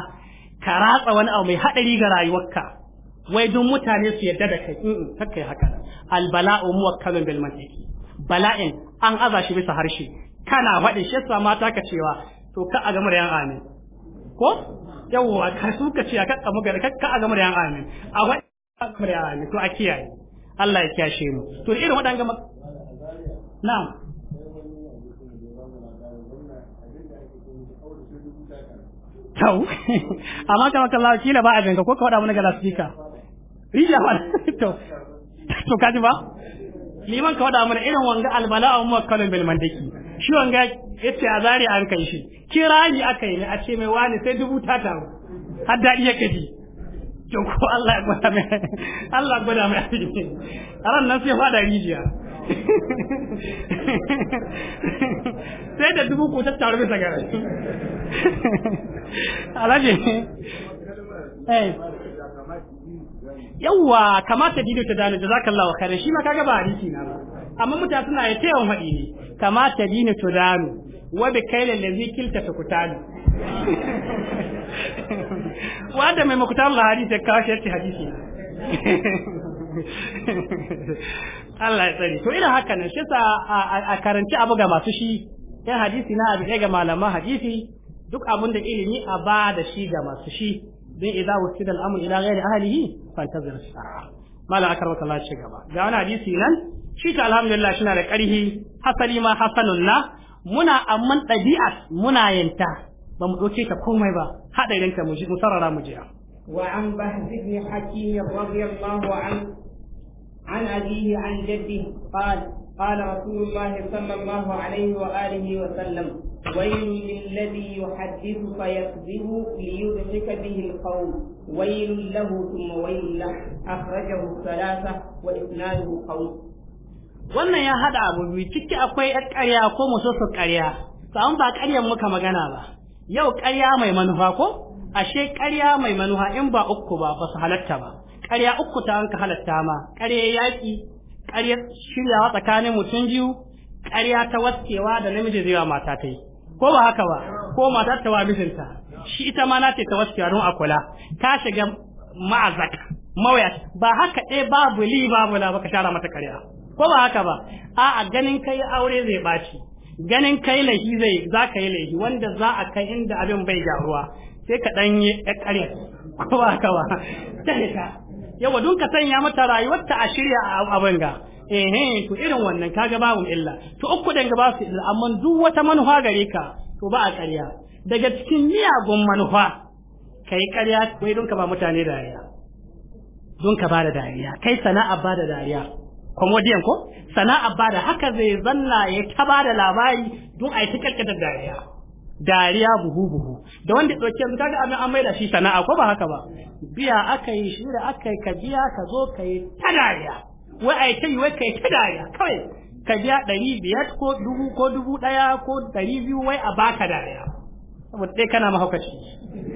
ka ratsa wani abu mai hadari ga rayuwarka wai duk mutane su yadda da kai in kai haka albala'u muwakkalun bil mantiki bala'in an aza shi bisa harshe kana faɗi shi yasa mata ka cewa to ka a game yan amin ko yawwa ka su ka ce ka kamu gari ka a game yan amin a faɗi ka game yan amin to a kiyaye Allah ya kiyashe mu to irin waɗanga na'am kyau amma kama kallawa kila ba a jinka ko ka waɗa mana ga lasfika rijiya ba to to kaji ba ni man wada mana irin wanga albala a muwakkalin bil mandaki shi wanga yace azari zari an kai shi kirani aka yi ne a ce mai wani sai dubu ta ta har daɗi ya kaji to ko Allah ya gwada mai Allah ya gwada mai a ran nan sai fada rijiya sai da dubu ko ta taru bisa gara alhaji eh yawa kamata dido ta dana jazakallahu khairan shi ma kaga ba hadisi na ba amma mutane suna ya tayawan hadi ne kamata dino to dano wa bi kailan ladhi kilta kutani? wa da mai makutan Allah hadisi ka shi hadisi Allah ya tsari to irin haka nan shi sa a karanci abu ga masu shi yan hadisi na abu ga malaman hadisi duk abin da ilimi a ba da shi ga masu shi dai idza wasida al-amru ila ghairi ahlihi fantazir as-sa'a mala akarwa kallah shi gaba ga wani hadisi nan shi ta alhamdulillah shi na da karhi hasali ma hasanun na muna amman ɗabi'a muna yanta ba mu ɗauke ta komai ba haɗa idan mu ji mu sarara mu jiya وعن بهز بن حكيم رضي الله عنه an أبيه an جده قال قال رسول الله صلى الله عليه وآله وسلم ويل للذي يحدث فيكذب ليضحك به القوم ويل له ثم ويل له أخرجه الثلاثة وإسناده قوي wannan ya haɗa abu biyu ciki akwai 'yar ƙarya ko musosu ƙarya to an ba ƙaryan muka magana ba yau ƙarya mai manufa ko ashe ƙarya mai manufa in ba uku ba ba su halatta ba ƙarya uku ta an ka halatta ma ƙarya yaƙi ƙarya shiryawa tsakanin mutum biyu ƙarya ta waskewa da namiji zai wa mata ta yi ko ba haka ba ko mata ta wa mijinta shi ita ma na ce ta waskewa don a kula shiga ma'azak mawaya ba haka ɗaya babu li babu la baka shara mata ƙarya ko ba haka ba a'a ganin kai aure zai ɓaci ganin kai lahi zai za ka yi lahi, wanda za a kai inda abin bai gyaruwa sai ka ɗanye ƙarya ko ba haka ba ta yawa dun ka sanya mata rayuwarta a shirya a ga eh to irin wannan kaga babu illa to uku dan ga ba su illa amma duk wata manufa gare ka to ba a ƙarya daga cikin miyagun manufa kai ƙarya kai don ka ba mutane dariya don ka ba da dariya kai sana'a ba da dariya komodiyan ko sana'a ba da haka zai zanna ya ta ba da labari don a yi ta karkatar dariya dariya buhu buhu da wanda ɗauke yanzu kaga an an maida shi sana'a ko ba haka ba biya aka yi shi da aka yi ka biya ka zo ka yi ta dariya wai a yi ta yi wai ka yi ta dariya kawai ka biya ɗari biyar ko dubu ko dubu ɗaya ko ɗari biyu wai a baka dariya saboda ɗaya kana mahaukaci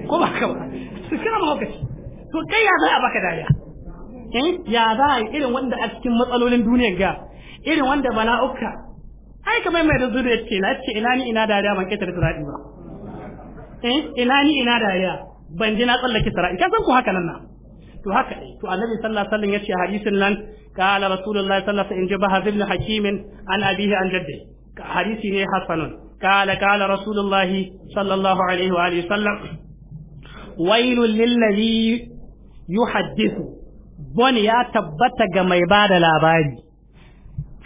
ko ba haka ba su kana mahaukaci to kai ya za a baka dariya eh, ya za a yi irin wanda a cikin matsalolin duniyar ga irin wanda bala'uka ai kamar mai da zuriya ce na ce ina ni ina dariya ban ketare sirati ba eh ina ni ina dariya ban ji na tsallake sirati ka san ku haka nan na to haka dai to annabi sallallahu alaihi wasallam yace hadisin nan qala rasulullahi sallallahu alaihi wasallam in jabaha ibn hakim an abihi an jaddi hadisi ne hasanun qala qala rasulullahi sallallahu alaihi wa alihi wasallam wailul lilladhi yuhaddithu bon ya tabbata ga mai bada labari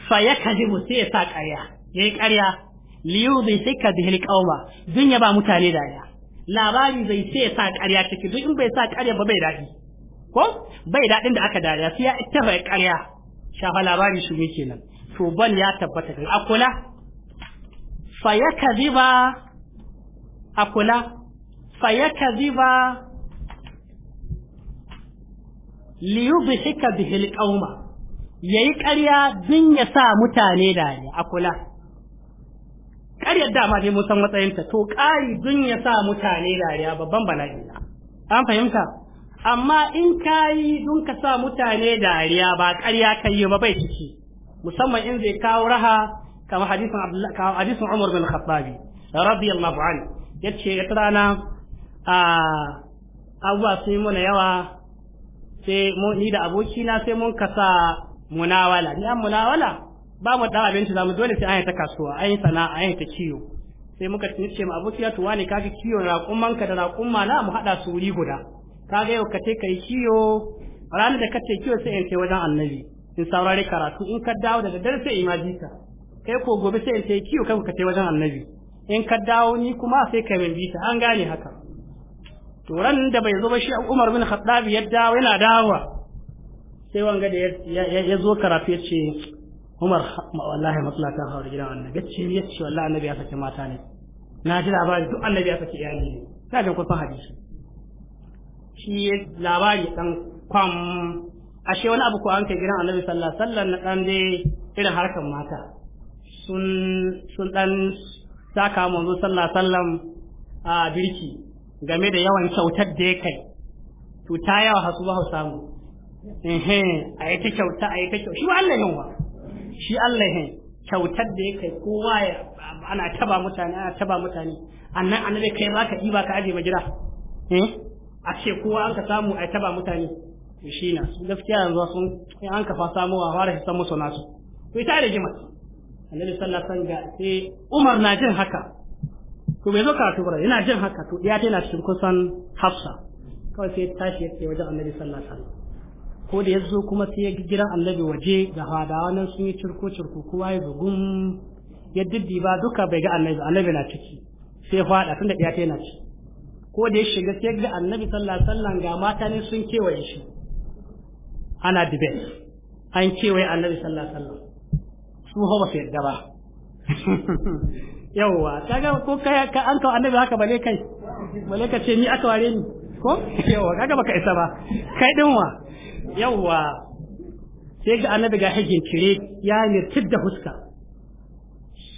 fa ya kaji mu sai sa ƙarya yayi ƙarya liyu zai sai ka bihil qauma dun ya ba mutane dariya labari zai sai sa ƙarya ciki duk in bai sa ƙarya ba bai daɗi ko bai daɗin da aka dariya sai ya ittafa ƙarya shafa labari shi ne kenan to ban ya tabbata kai akula fa yakadhiba akula fa yakadhiba liyudhika bihil qauma yayi ƙarya dun ya sa mutane dariya akula yadda dama dai mun san matsayinta to ƙari dun ya sa mutane dariya babban bala'i na an fahimta amma in kayi dun ka sa mutane dariya ba ƙarya kai ba bai ciki musamman in zai kawo raha kamar hadisin hadisin Umar bin Khattabi radiyallahu anhu yace wata rana a abuwa sun yi mana yawa sai ni da abokina sai mun kasa munawala ni an munawala ba mu da abinci zamu dole sai an ta kasuwa an yi sana'a ayi ta kiyo sai muka ce ma abokiya to wani kaji kiyo ka da raƙumma na mu haɗa su wuri guda kaga yau ka ce kai kiyo ranar da ka ce kiyo sai in ce wajen annabi in saurari karatu in ka dawo da daddare sai in ma kai ko gobe sai in ce kiyo kai ka wajen annabi in ka dawo ni kuma sai ka min bita an gane haka to ran da bai zo ba shi Umar bin Khattab ya dawo yana dawo sai wanga da ya zo karatu ya ce Umar wallahi ta hawar gidan wannan Gacce ne yace wallahi annabi ya saki mata ne na ji labari duk annabi ya saki iyali ne ta jin kusan hadisi shi labari dan kwam ashe wani abu ko an kai gidan annabi sallallahu alaihi wasallam na dan dai irin harkan mata sun sun dan saka zo sallallahu alaihi wasallam a birki game da yawan kyautar da ya kai to ta yawa hasu ba samu ehe a yi ta kyauta a yi ta kyauta shi ba Allah yawa shi Allah ya kyautar da yake kowa ya ana taba mutane ana taba mutane annan annabi kai baka ka diba ka aje majira eh a ce kowa an ka samu a taba mutane to shi na gaskiya yanzu sun an ka fa samu a fara san musu nasu to ita da jima annabi sallallahu alaihi wasallam ga sai Umar na jin haka to bai zo karatu ba yana jin haka to iya tana cikin kusan Hafsa kawai sai tashi yake wajen annabi sallallahu alaihi wasallam ko da ya zo kuma sai ya gidan annabi waje ga hadawa nan sun yi cirko cirko kowa ya bugun ya ba duka bai ga annabi annabi na ciki sai fada tunda iyaka yana ci ko da ya shiga sai ga annabi sallallahu alaihi wasallam ga mata ne sun kewaye shi ana dibe an kewaye annabi sallallahu alaihi wasallam su hawa sai su yawa ba kaga ko kai ka an kawo annabi haka bale kai bale ka ce ni aka ware ni ko yawa kaga baka isa ba kai din wa yawwa sai ga annabi ga hajjin cire ya mirtid da fuska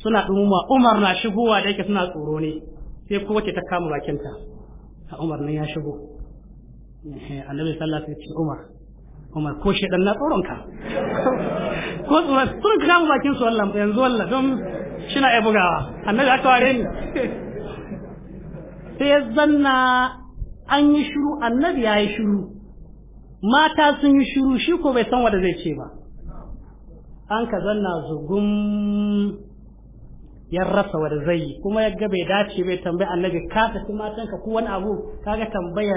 suna dumuma umar na shigowa da yake suna tsoro ne sai kowace ta kama bakinta a umar nan ya shigo annabi sallallahu alaihi wasallam umar umar ko shedan na tsoronka ko tsoron sun kama bakin su wallan yanzu wallan don shina ya bugawa annabi aka ware ni sai ya zanna an yi shiru annabi ya yi shiru mata sun yi shiru shi ko bai san wanda zai ce ba an ka zanna zugun ya rasa wanda zai yi kuma ya ga bai dace bai tambaya annabi ka tafi matan ka ko wani abu kaga tambaya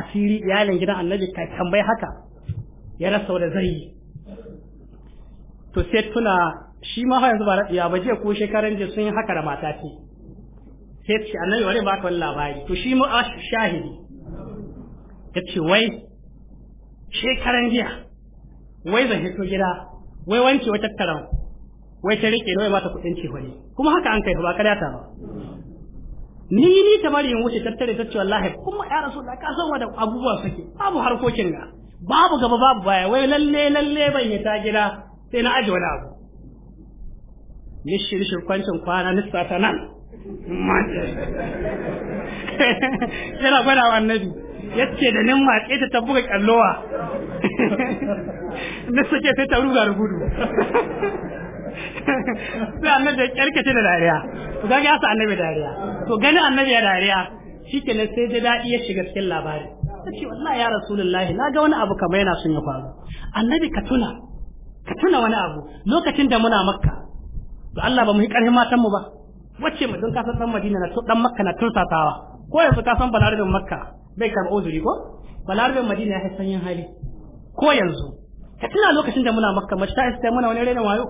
asiri iyalin gidan annabi ka tambaya haka ya rasa wanda zai yi to sai tuna shi ma har yanzu ba ya je ko shekaran je sun yi haka da mata ce sai ce annabi wani baka wani labari to shi mu shahidi ya ce wai shekaran jiya wai zan hito gida wai wanke wata karan wai ta rike wai mata kuɗin ce wani kuma haka an kai ba kada ta ba ni ni ta bari in wuce tattare ta ce wallahi kuma ya rasu da ka san da abubuwa suke babu harkokin ga babu gaba babu baya wai lalle lalle ban yi ta gida sai na aje wani abu ni shirshir kwancin kwana nista ta nan yana gwada wa annabi yace da nan matse ta ta buga kallowa na sake sai ta ruga rubudu sai annabi ya kyarkace da dariya to ga ya sa annabi dariya to gani annabi ya dariya shikenan sai da dadi ya shiga cikin labari ce wallahi ya rasulullahi na ga wani abu kamar yana son ya faru annabi ka tuna ka tuna wani abu lokacin da muna makka to Allah ba mu yi karfin matan mu ba wacce mu don ka san dan Madina na to dan Makka na tursatawa ko yanzu ka san Balarabe Makka bai karɓa uzuri ko balarabin madina ya yin hali ko yanzu ka tuna lokacin da muna makka mace ta isa muna wani rena wayo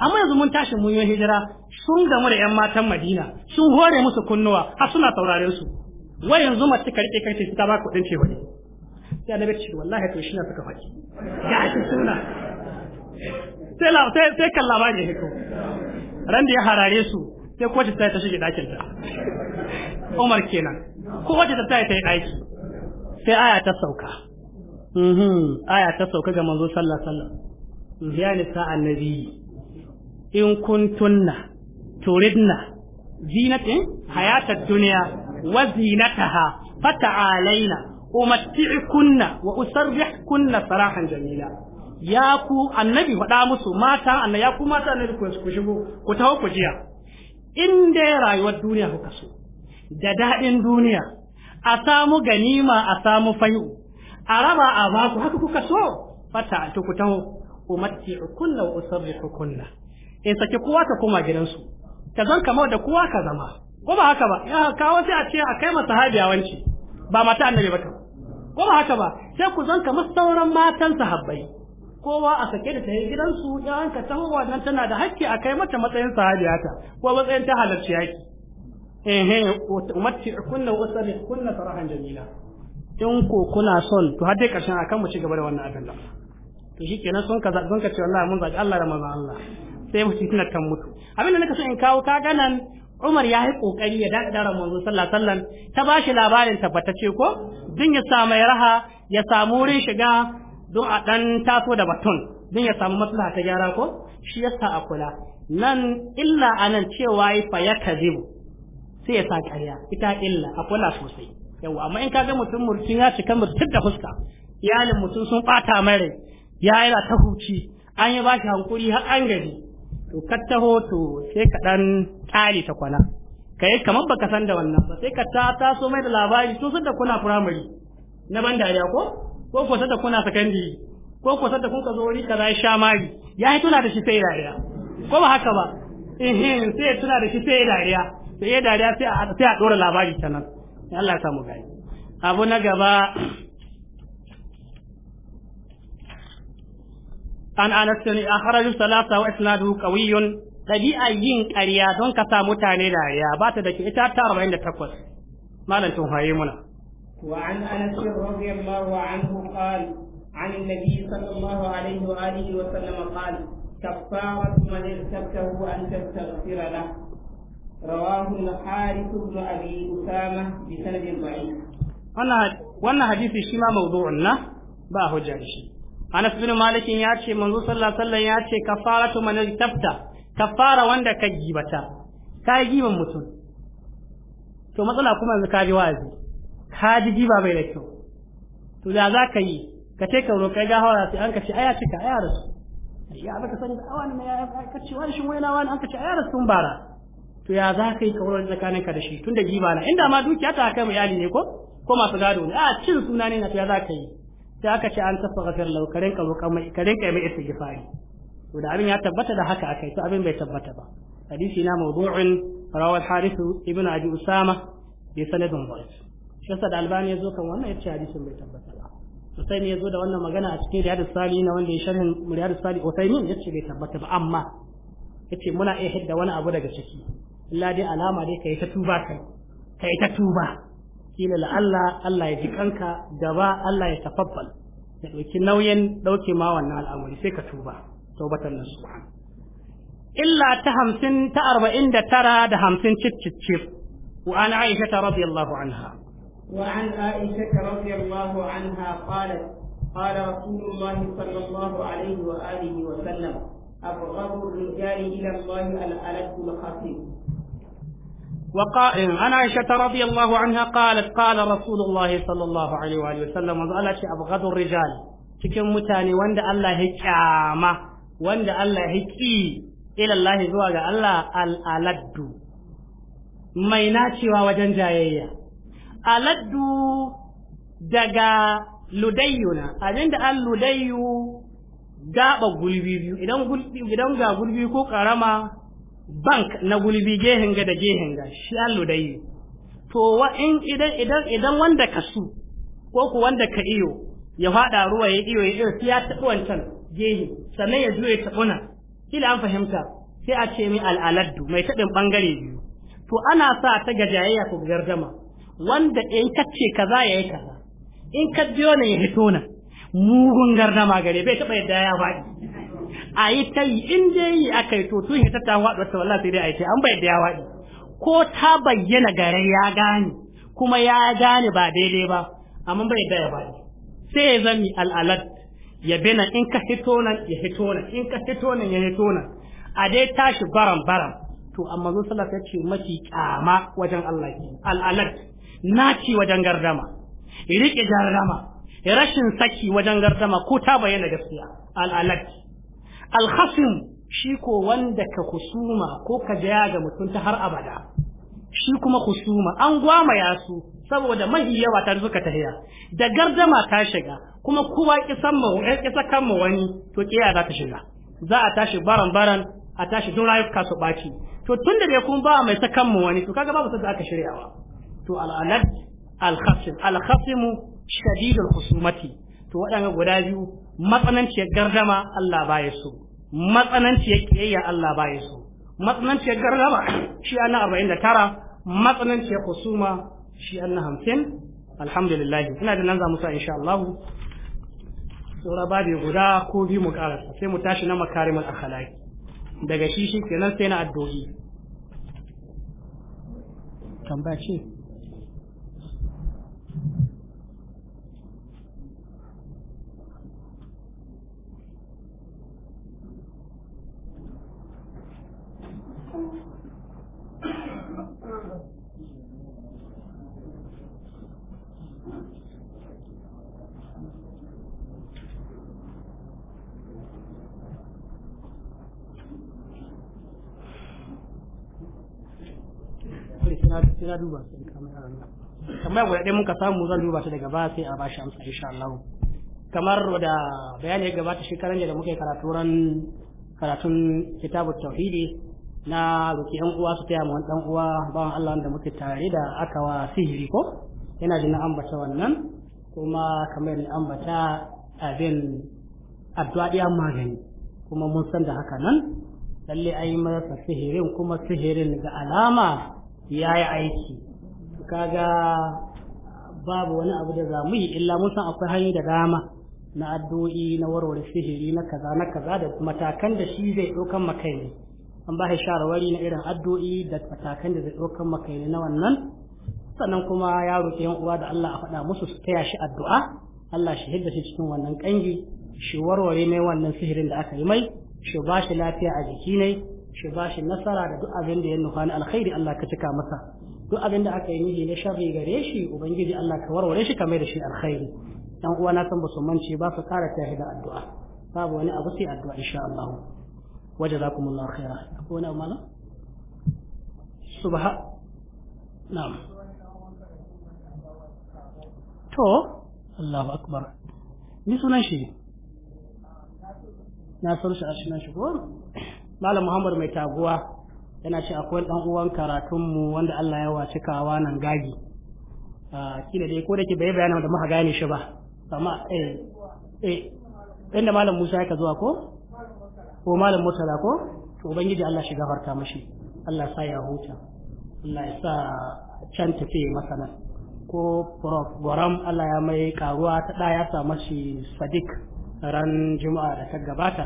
amma yanzu mun tashi mun yi hijira sun gamu da yan matan madina sun hore musu kunnuwa har suna sauraren su wai yanzu mace ka rike kanki ta ba ku dince wani sai annabi ce wallahi to shi na suka faɗi ga shi suna sai la sai sai kalla ba ne ko ran da ya harare su sai kwace sai ta shige dakin ta Umar kenan ko wace ta ta yi aiki sai aya ta sauka mhm. aya ta sauka ga manzo sallah sallah. wasallam ya nisa annabi in kuntunna turidna zinatin hayatar duniya wa zinataha fata'alaina umatti'kunna wa usarrihkunna sarahan jamila ya ku annabi faɗa musu mata annabi ya ku mata annabi ku shigo ku taho ku jiya in dai rayuwar duniya kuka so da daɗin duniya a samu ganima a samu fayu, a raba a baku haka kuka so fata a tukutahu umatti kunna wa usarrihu kunna in saki kowa ta koma gidansu ta zan kamar da kowa ka zama ko ba haka ba ya kawo sai a ce a kai masa habiya wanci ba mata annabi ba ko ba haka ba sai ku zan kama sauran matan sahabbai kowa a sake da ta yi gidansu ya an ka taho wannan tana da hakki a kai mata matsayin sahabiyata ko matsayin ta halarci yaki ehe eh, kunna ne kunna sarahan jamila in ko kuna son to har dai karshen akan mu ci gaba da wannan abin da to shikenan sun ka sun ka ce wallahi mun zaɓi Allah da manzon Allah sai mu tuna kan mutu abin da nake so in kawo ka ganan Umar ya yi kokari ya daɗa ramon sallallahu alaihi wasallam ta bashi labarin tabbatacce ko din ya samu raha ya samu wurin shiga don a dan taso da baton din ya samu maslaha ta gyara ko shi yasa a kula nan illa anan cewa fa yakazibu sai ya sa ƙarya ita illa a kula sosai yawa amma in ka ga mutum murkin ya cika murtun da fuska iyalin mutum sun bata mare ya yi ta huci an yi bashi hankuri har an gari to ka taho to sai ka dan ƙare ta kwana ka yi kamar baka san da wannan ba sai ka ta taso mai da labari to sun da kuna firamare na ban dariya ko ko ko da kuna sakandiri ko ko da kun ka zo wuri kaza ya sha mari ya yi tuna da shi sai dariya ko ba haka ba ehin sai ya tuna da shi sai dariya sai ya dariya sai a sai labari ta nan Allah ya samu gani abu na gaba an anas ne akhraju salasa wa isnadu qawiyyun dabi'a yin ƙarya don ka sa mutane dariya ba ta da ita ta takwas malam tun haye muna وعن انس رضي الله عنه قال عن النبي صلى الله عليه واله وسلم قال كفارة من ارتبته أن تستغفر له رواه الحارث بن أبي أسامة بسند ضعيف wannan hadisi shi ma mawdu'un na ba hujja da shi Anas bin malikin ya ce manzo sallallahu alaihi wasallam ya ce kafaratu man tabta kafara wanda ka gibata ka giban mutum to matsala kuma yanzu ka ji wa'azi ka ji giba bai da kyau to da za ka yi ka ce ka roƙa gahara sai an ka ce aya cika aya rasu ya baka sani da awani ne ya ka ce wani shin wai na wani an ka ce aya rasu bara to ya za ka yi da tsakanin ka da shi tun da giba na inda ma dukiya ta kai mai ne ko ko masu gado ne a cin suna ne na ya za ka yi sai aka ce an tafa gafiyar laukarin ka rinka roƙa mai ka rinka mai gifari to da abin ya tabbata da haka yi to abin bai tabbata ba hadisi na mawdu'in rawal harisu ibn abi usama bi sanadin dhaif shi yasa da albani ya zo kan wannan yace hadisin bai tabbata ba ne ya zo da wannan magana a cikin Riyadu Sali na wanda ya sharhin Riyadu Sali Usaini ya ce bai tabbata ba amma yace muna iya hidda wani abu daga ciki illa dai alama dai kai ta tuba kai kai ta tuba kila la Allah Allah ya ji kanka gaba Allah ya tafabbal ya dauki nauyin dauke ma wannan al'amari sai ka tuba tawbatan nan subhan illa ta hamsin ta arba'in da tara da hamsin wa an aisha radiyallahu anha وعن عائشة رضي الله عنها قالت قال رسول الله صلى الله عليه وآله وسلم أبغض الرجال إلى الله الألد الخفيف وقائم عن عائشة رضي الله عنها قالت قال رسول الله صلى الله عليه وآله وسلم وزالت أبغض الرجال cikin mutane wanda Allah ya kyama wanda Allah ya ki ilallahi zuwa ga Allah al'aladdu mai nacewa wajen jayayya aladdu daga ludayyuna abinda an ludayyu gaba gulbi biyu idan ga gulbi ko ƙarama. bank na gulbi gehen ga da gehen ga shi allo da yi to wa in idan idan idan wanda ka su ko ku wanda ka iyo ya fada ruwa ya iyo ya iyo ya taɓa wancan gehe sannan ya zuwa ta kuna kila an fahimta sai a ce mi al'aladdu mai taɓin bangare biyu to ana sa ta ga jayayya ko gardama wanda in ka ce kaza yayi kaza in ka biyo ne ya hito na mugun gardama gare bai taba yadda ya faɗi a yi ta yi in dai yi aka yi to tun ta ta waɗa ta wallahi sai dai a yi ta an bai da ya ko ta bayyana gare ya gane kuma ya gane ba daidai ba amma bai da ya waɗi sai ya zami al'alat ya bina in ka hito nan ya hito nan in ka hito nan ya hito nan a dai tashi baram baram to amma zo sallah ya ce mafi kama wajen Allah al'alat naci wajen gardama riƙe gardama rashin saki wajen gardama ko ta bayyana gaskiya al'alat alhasim shi ko wanda ka husuma ko ka jaya ga mutum ta har abada shi kuma husuma an gwamaya su saboda mai yawa ta suka tahiya da gardama ta shiga kuma kowa kisan mu kisa kan mu wani to kiya za ta shiga za a tashi baran baran a tashi don ka su baci to tunda da kun ba mai sakan mu wani to kaga babu sadda aka shiryawa to al'anat al-khasim al-khasimu shadidul husumati to waɗanga guda biyu matsananciyar gardama Allah ya so matsananciyar kiyayya Allah ya so matsananciyar gardama shi an arba'in da tara matsananciyar kusuma shi an na hamsin alhamdulillah ina da nan za mu sa insha Allah saura babi guda ko biyu mu karasa sai mu tashi na makarimul akhlaqi daga shi shi kenan sai na addu'o'i tambaya ce na sai na duba kamar a ranar kamar ɗaya muka samu zan duba ta daga ba sai a bashi amsa insha Allah kamar da bayani ya gabata shekaran da muka yi karaturan karatun kitabu tauhidi na roki yan uwa su taya mu dan uwa bawan Allah wanda muke tare da aka wa sihiri ko yana jin ambata wannan kuma kamar yadda ambata abin addu'a magani kuma mun san da haka nan lalle ai masa sihirin kuma sihirin ga alama ya yi aiki ka ga babu wani abu da za mu yi illa mun akwai hanyoyi da dama na addu'o'i na warware sihiri na kaza na kaza da matakan da shi zai ɗaukan makai ne an ba shi shawarwari na irin addu'i da matakan da zai ɗaukan makai ne na wannan sannan kuma ya roƙi yan uwa da Allah a faɗa musu su taya shi addu'a Allah shi hidda shi cikin wannan kangi shi warware mai wannan sihirin da aka yi mai shi ba shi lafiya a jiki ne shi ba shi nasara da duk abin da ya nufa ni alkhairi Allah ka cika masa duk abin da aka yi nihi na sharri gare shi ubangiji Allah ka warware shi ka mai da shi alkhairi dan uwa na san ba su mance ba su kara tahi da addu'a babu wani abu sai addu'a insha Allah wajazakumullahu khaira ko wani amana subha na'am to Allahu akbar ni sunan shi na san shi a shi ko malam muhammad mai taguwa yana ce akwai dan uwan karatunmu wanda Allah ya wace kawa nan gagi kila dai ko da ke bai bayanin da muka gane shi ba amma eh eh inda malam Musa yake zuwa ko ko malam da ko to ubangiji Allah shi gafarta mishi Allah sa ya huta Allah ya sa can tafi masana ko prof goram Allah ya mai karuwa ta da ya sa mashi sadiq ran juma'a da ta gabata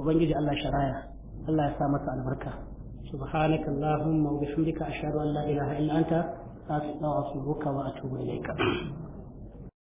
ubangiji Allah raya Allah ya sa masa albarka subhanaka allahumma wa bihamdika ashhadu an la ilaha illa anta astaghfiruka wa atubu ilayka